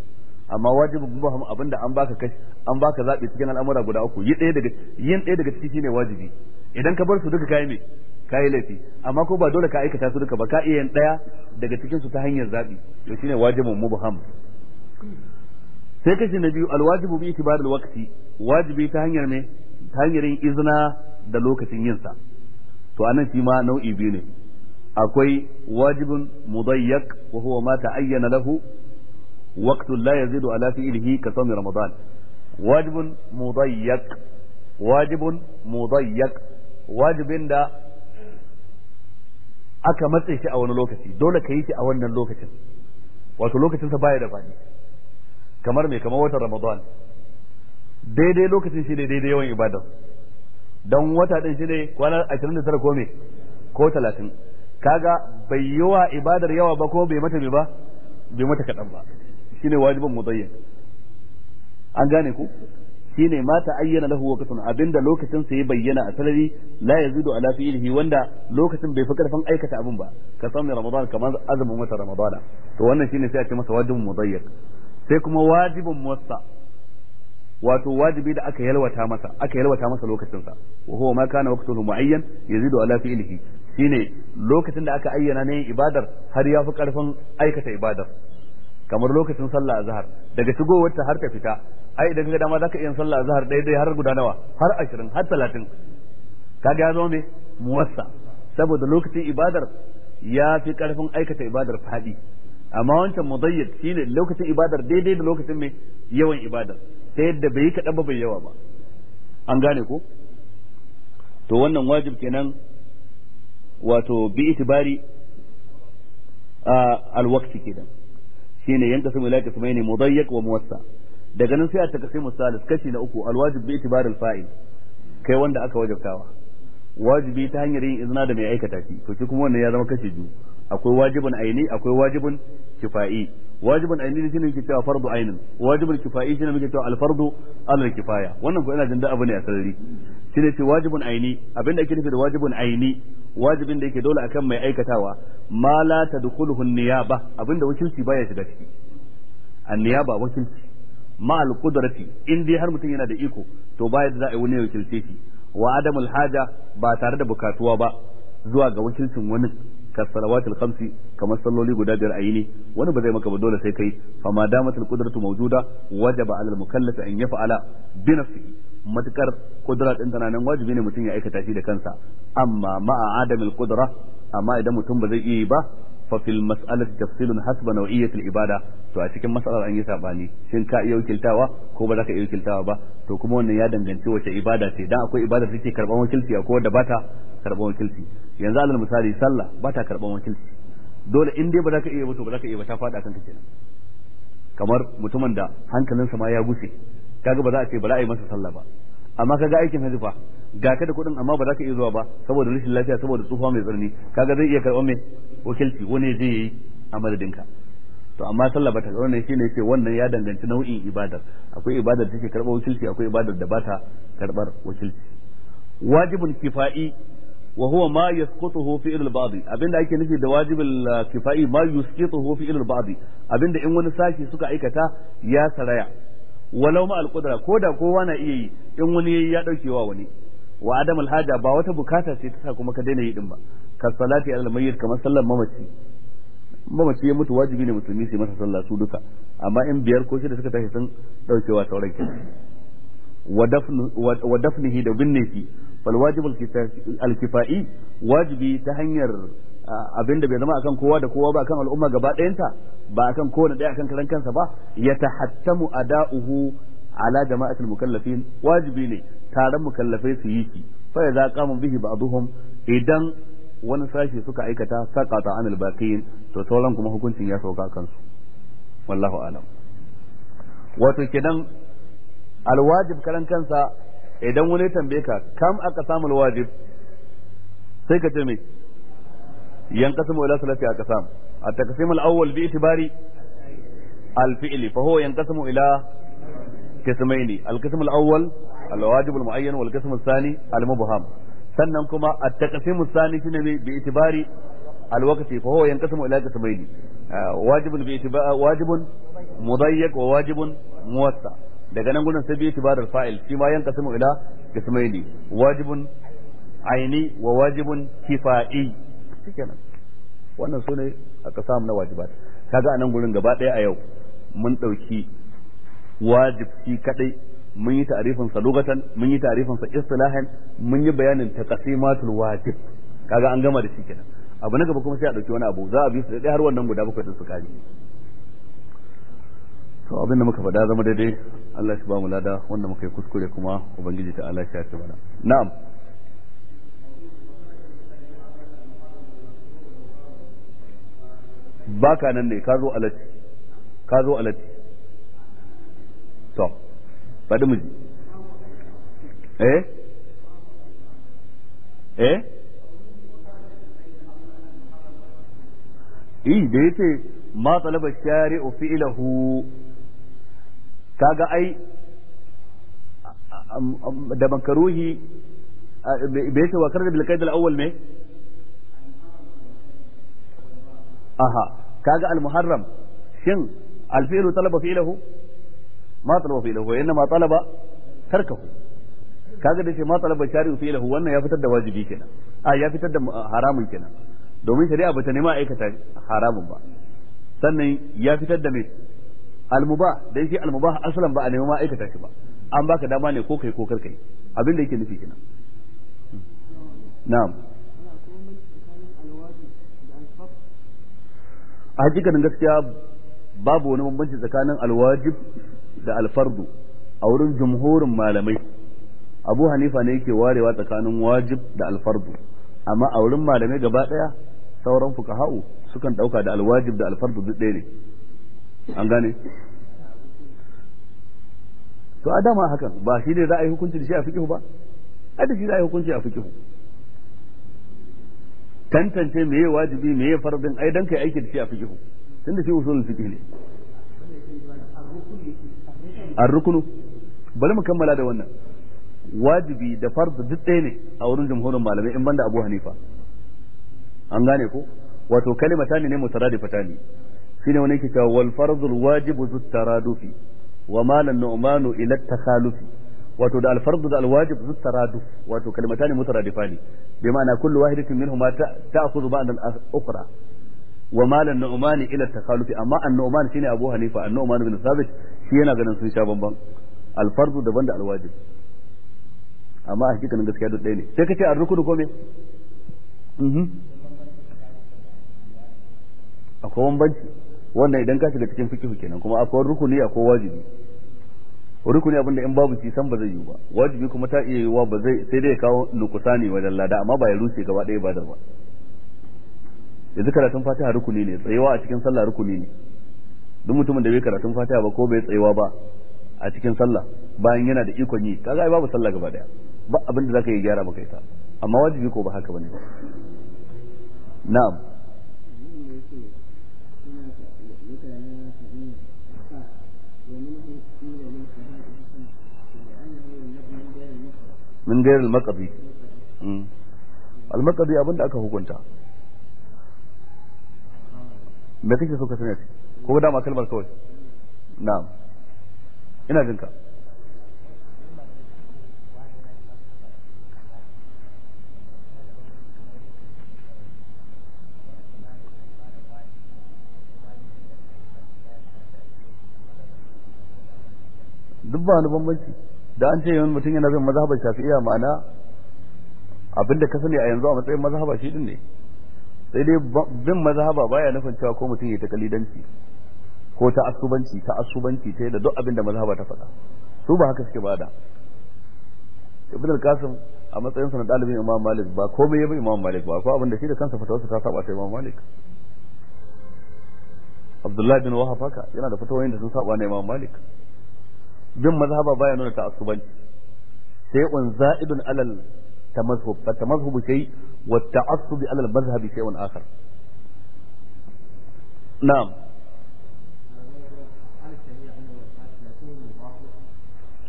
amma wajibi abin abinda an baka kai an baka zabi cikin al'amura guda uku yi ɗaya daga yin ɗaya daga ciki shine wajibi idan ka bar su duka kai me kai laifi amma ko ba dole ka aikata su duka ba ka iya yin ɗaya daga cikin su ta hanyar zabi to shine wajibin mubham sai kashi na biyu alwajibu bi itibar alwaqti wajibi ta hanyar me ta hanyar yin izina da lokacin yin sa to anan shi ma nau'i biyu ne akwai wajibin mudayyak wa huwa ma ta'ayyana lahu وقت لا يزيد على فعله كصوم رمضان واجب مضيق واجب مضيق واجب دا aka matse shi a wani lokaci dole ka yi shi a wannan lokacin wato lokacin sa baya da fadi kamar mai kamar watan ramadan daidai lokacin shi ne daidai yawan ibadar don wata din shi ne kwana 29 ko me ko 30 kaga bai yi wa ibadar yawa ba ko bai mata me ba bai mata kaɗan ba shine wajiban mudayyan an gane ku shine ma ta ayyana lahu waqtun abinda lokacin sa ya bayyana a sarari la yazidu ala fi'lihi wanda lokacin bai fi karfin aikata abin ba ka samu ramadan kamar azumin wata ramadana to wannan shine sai a ce masa wajibun mudayyak sai kuma wajibun muwassa wato wajibi da aka yalwata masa aka yalwata masa lokacin sa wa huwa ma kana waqtuhu muayyan yazidu ala fi'lihi shine lokacin da aka ayyana ne ibadar har ya fi karfin aikata ibadar kamar lokacin sallah azhar daga shigowar ta har ta fita ai idan ga dama zaka iya sallah azhar dai har guda nawa har 20 har 30 kaga ya zo me muwassa saboda lokacin ibadar ya fi karfin aikata ibadar fadi amma wancan mudayyid shine lokacin ibadar daidai da lokacin mai yawan ibadar ta yadda bai yi kaɗan ba bai yawa ba an gane ko to wannan wajib kenan wato bi itibari a alwakti kenan shine yanka su milaka kuma ne mudayyak wa muwassa daga nan sai a taka sai musalis kashi na uku alwajib bi itibar alfa'il kai wanda aka wajabtawa wajibi ta hanyar yin izina da mai aikata shi to shi kuma wannan ya zama kashi biyu akwai wajibin aini akwai wajibin kifa'i wajibin aini ne shine muke cewa fardu ainin wajibin kifa'i shine muke cewa alfardu alal kifaya wannan ko ina jin da abu ne a sarari shine ce wajibin aini abinda ake nufi da wajibin aini wajibin da yake dole akan mai aikatawa ma la tadkhuluhu niyaba abinda wakilci baya shiga ciki anniyaba wakilci ma al qudrati in dai har mutum yana da iko to baya da za a yi wani wakilce shi wa adamul haja ba tare da bukatuwa ba zuwa ga wakilcin wani ka salawatul khamsi kamar salloli guda biyar ne wani ba zai maka ba dole sai kai fa ma damatul qudratu mawjuda wajaba alal mukallaf an yaf'ala bi nafsihi matukar kudura din tana nan wajibi ne mutum ya aikata shi da kansa amma ma'a adamil kudura amma idan mutum ba zai iya yi ba fa fil mas'alati tafsilun hasba al ibada to a cikin mas'alar an yi sabani shin ka iya wakiltawa ko ba za ka iya wakiltawa ba to kuma wannan ya danganci wace ibada ce dan akwai ibada take karban wakilci akwai wanda bata karban wakilci yanzu alal misali sallah bata karban wakilci dole in dai ba za ka iya ba to ba za ka iya ba ta fada kanka kenan kamar mutumin da hankalinsa ma ya gushe kaga ba za a ce za a yi masa sallah ba amma kaga aikin hajji fa ga ka da kuɗin amma ba za ka iya zuwa ba saboda rashin lafiya saboda tsufa mai tsarni kaga zai iya karɓar mai wakilci wani zai yi a madadinka to amma sallah ne shi ne ce wannan ya danganci nau'in ibadar akwai ibadar da take karɓar wakilci akwai ibadar da ba ta karɓar wakilci Wajibin kifa'i wa huwa ma yasqutuhu fi ilal ba'd abinda ake nufi da wajibul ah, kifa'i ma yasqutuhu fi ilal ba'd abinda in wani sashi suka aikata ya saraya walau ma alqudra ko kowa na iya yi in wani yayi ya dauke wa wani wa adam alhaja ba wata bukata ce ta sa kuma ka daina yi din ba ka salati alal mayyit kamar sallar mamaci mamaci ya mutu wajibi ne musulmi sai masa sallah su duka amma in biyar ko da suka tashi sun wa sauran ki wa dafnihi da binne fal wajibul kifa'i wajibi ta hanyar abin da bai zama akan kowa da kowa ba akan al'umma gaba ɗayanta ba akan kowane ɗaya akan karan kansa ba ya tahattamu da'uhu ala jama'atul mukallafin wajibi ne taron mukallafai su yi shi fa idza qamu bihi ba'dhum idan wani sashi suka aikata saqata anil baqiyin to sauran kuma hukuncin ya sauka kansu wallahu alam wato kidan alwajib karan kansa idan wani tambaye ka kam aka samu alwajib sai ka ce me ينقسم إلى ثلاثة أقسام التقسيم الأول باعتبار الفعل فهو ينقسم إلى قسمين القسم الأول الواجب المعين والقسم الثاني المبهم sannan kuma التقسيم الثاني shine باعتبار الوقت فهو ينقسم إلى قسمين واجب باعتبار واجب مضيق وواجب موسع daga nan gudun sai bi tibar fa'il shi ma yanka samu ila kismaini wajibun aini wa wajibun kifai shikenan wannan su ne aka samu na wajibat kaga anan gurin gaba daya a yau mun dauki wajibci kadai mun yi ta'rifin sa lugatan mun yi ta'rifin sa istilahan mun yi bayanin taqsimatul wajib kaga an gama da shikenan abu na gaba kuma sai a dauki wani abu za a bi su dai har wannan guda bakwai din su kare to abin da muka faɗa zama daidai Allah shi ba mu lada wanda muka yi kuskure kuma ubangiji ta Allah shi ya ci mana na'am baka nan ne ka zo alati ka zo alati to faɗi miji eh eh da ma talaba shari'u kaga ai da bai ce aha kaga al-muharram shin al-fi'lu talaba fi'lahu ma talaba fi'lahu inna ma talaba tarkahu kaga dace ma talaba shari'u fi'lahu wannan ya fitar da wajibi kenan a ya fitar da uh, haramun kenan domin shari'a bata nema aikata haramun ba sannan ya fitar da mai al-mubah dan shi al-mubah aslan ba a nema aikata shi ba an baka dama ne ko kai ko karkai kai abin da yake nufi kenan hmm. na'am a hakikanin gaskiya babu wani bambanci tsakanin alwajib da alfardu a wurin jumhurin malamai abu hanifa ne yake warewa tsakanin wajib da alfardu amma a wurin malamai gaba daya sauran fuka hau sukan dauka da alwajib da alfardu duk ɗaya ne an gane to a dama hakan ba shi ne za a yi hukunci da shi a fikihu ba a da shi za a yi hukunci a fikihu tantance meye wajibi me meye faradin ai dan kai aiki da shi a fiqh tunda shi usulul fiqh ne ar-rukunu bari mu kammala da wannan wajibi da fard duk ɗaya ne a wurin jamhurin malamai in banda Abu Hanifa an gane ko wato kalimatani ne mutaradifatani shine wani yake cewa wal fardul wajibu zut taradufi wa ma lan nu'manu ila takhalufi wato da alfardu da alwajib wato kalmata wato kalmatani ne bi ma'ana kullu wahidatin ma ta'khudhu ba'd al-ukhra wa mal an-nu'man ila at takhalluf amma an-nu'man shine Abu Hanifa an-nu'man bin sabit shi yana ganin sun sha bamban alfardu daban da alwajib amma a hakikanin gaskiya duk ɗaya ne sai kace a rukunu ko me mhm. akwai banci. wannan idan ka shiga cikin fikihu kenan kuma akwai rukuni akwai wajibi rukuni abinda in babu shi san ba zai yi ba wajibi kuma ta iya yiwuwa ba zai sai dai kawo nukusani wajen lada amma ba ya rushe gaba daya ba ba yanzu karatun fatiha rukuni ne tsayuwa a cikin sallah rukuni ne duk mutumin da bai karatun fatiha ba ko bai tsayuwa ba a cikin sallah bayan yana da ikon yi kaga ai babu sallah gaba daya ba abinda da zaka yi gyara maka ita amma wajibi ko ba haka bane ba na'am min al-maqabi hmm. al maqabi abin da aka hukunta me kake so ka sanar ko da ma kalmar kawai na'am ina ka duk ba wani bambanci da an ce yawan mutum yana bin mazhabar shafi'iyya ma'ana abinda ka sani a yanzu a matsayin mazhaba shi din ne sai dai bin mazhaba baya nufin cewa ko mutum ya ta kalidanci ko ta asubanci ta asubanci ta da duk abinda mazhaba ta faɗa su ba haka suke da ibn al-qasim a matsayin sa na dalibin imam malik ba komai ya bi imam malik ba ko abin da shi da kansa fatawarsa ta saba ta imam malik abdullahi bin wahab haka yana da fatawoyin da sun saba na imam malik bin mazhaba baya nuna ta'assubanci sai un za'idun alal tamazhub fa tamazhubu shay wa ta'assub alal mazhabi shay'un akhar na'am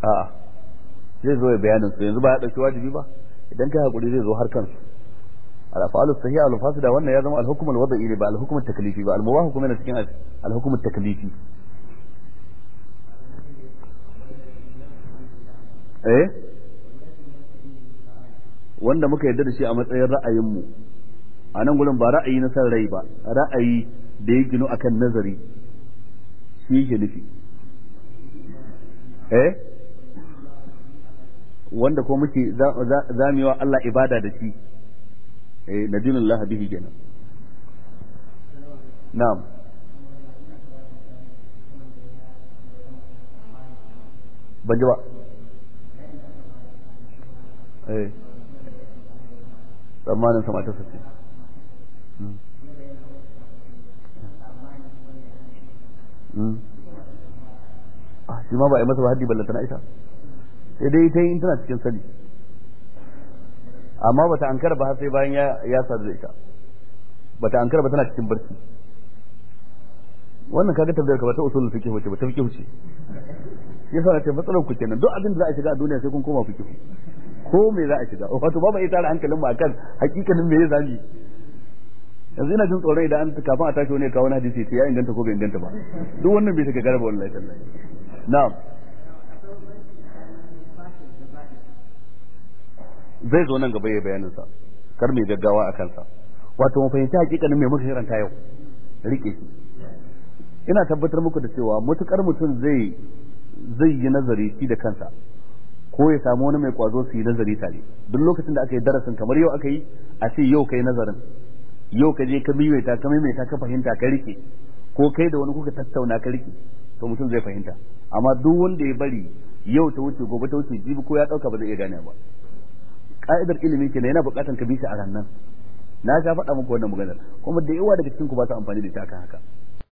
a'a zai zo ya bayanin su yanzu ba ya dauki wajibi ba idan kai hakuri zai zo har kansu al-af'al sahiha al-fasida wannan ya zama al-hukm al-wada'i ba al-hukm al taklifi ba al-mubah kuma ne cikin al-hukm al taklifi eh wanda muka yarda da shi a matsayin ra'ayinmu a nan gurin ba ra'ayi na san rai ba ra'ayi da ya ginu akan nazari shi yake nufi eh wanda ko muke za mu yi wa Allah ibada da shi eh nadinullah bihi kenan na'am ban ji ba Eh. tsammanin sama ta sace hmm. hmm. ah, shi ma ba a yi masa ba haddi ballantana isa. sai dai ita yi tana cikin sani amma bata ankara ba sai bayan ya sadu da ita bata ankara ba tana cikin barci wannan kaga tabbiyar ka ba ta usulun fiqh wace ba ta fiqh ce ya na ce matsalar ku kenan duk abin da za a shiga a duniya sai kun koma fiqh ko me za a shiga wato ba mu iya tara hankalin mu akan hakikanin me za mu yanzu ina jin tsoron idan an kafin a tashi wani kawo na hadisi ya inganta ko bai inganta ba duk wannan bai shiga garba wallahi tallahi na'am zai zo nan gaba ya bayanin sa kar mai gaggawa a kansa wato mu fahimci hakikanin me muka shiranta yau rike shi ina tabbatar muku da cewa mutukar mutum zai zai yi nazari shi da kansa ko ya samu wani mai kwazo su yi nazari tare duk lokacin da aka yi darasin kamar yau aka yi a ce yau kai nazarin yau ka je ka maimaita ka maimaita ka fahimta ka rike ko kai da wani kuka tattauna ka rike to mutum zai fahimta amma duk wanda ya bari yau ta wuce gobe ta wuce jibi ko ya dauka ba zai iya gane ba ka'idar ilimi kenan yana bukatan ka bi shi a rannan na sha faɗa muku wannan maganar kuma da yawa daga cikin ku ba su amfani da ita akan haka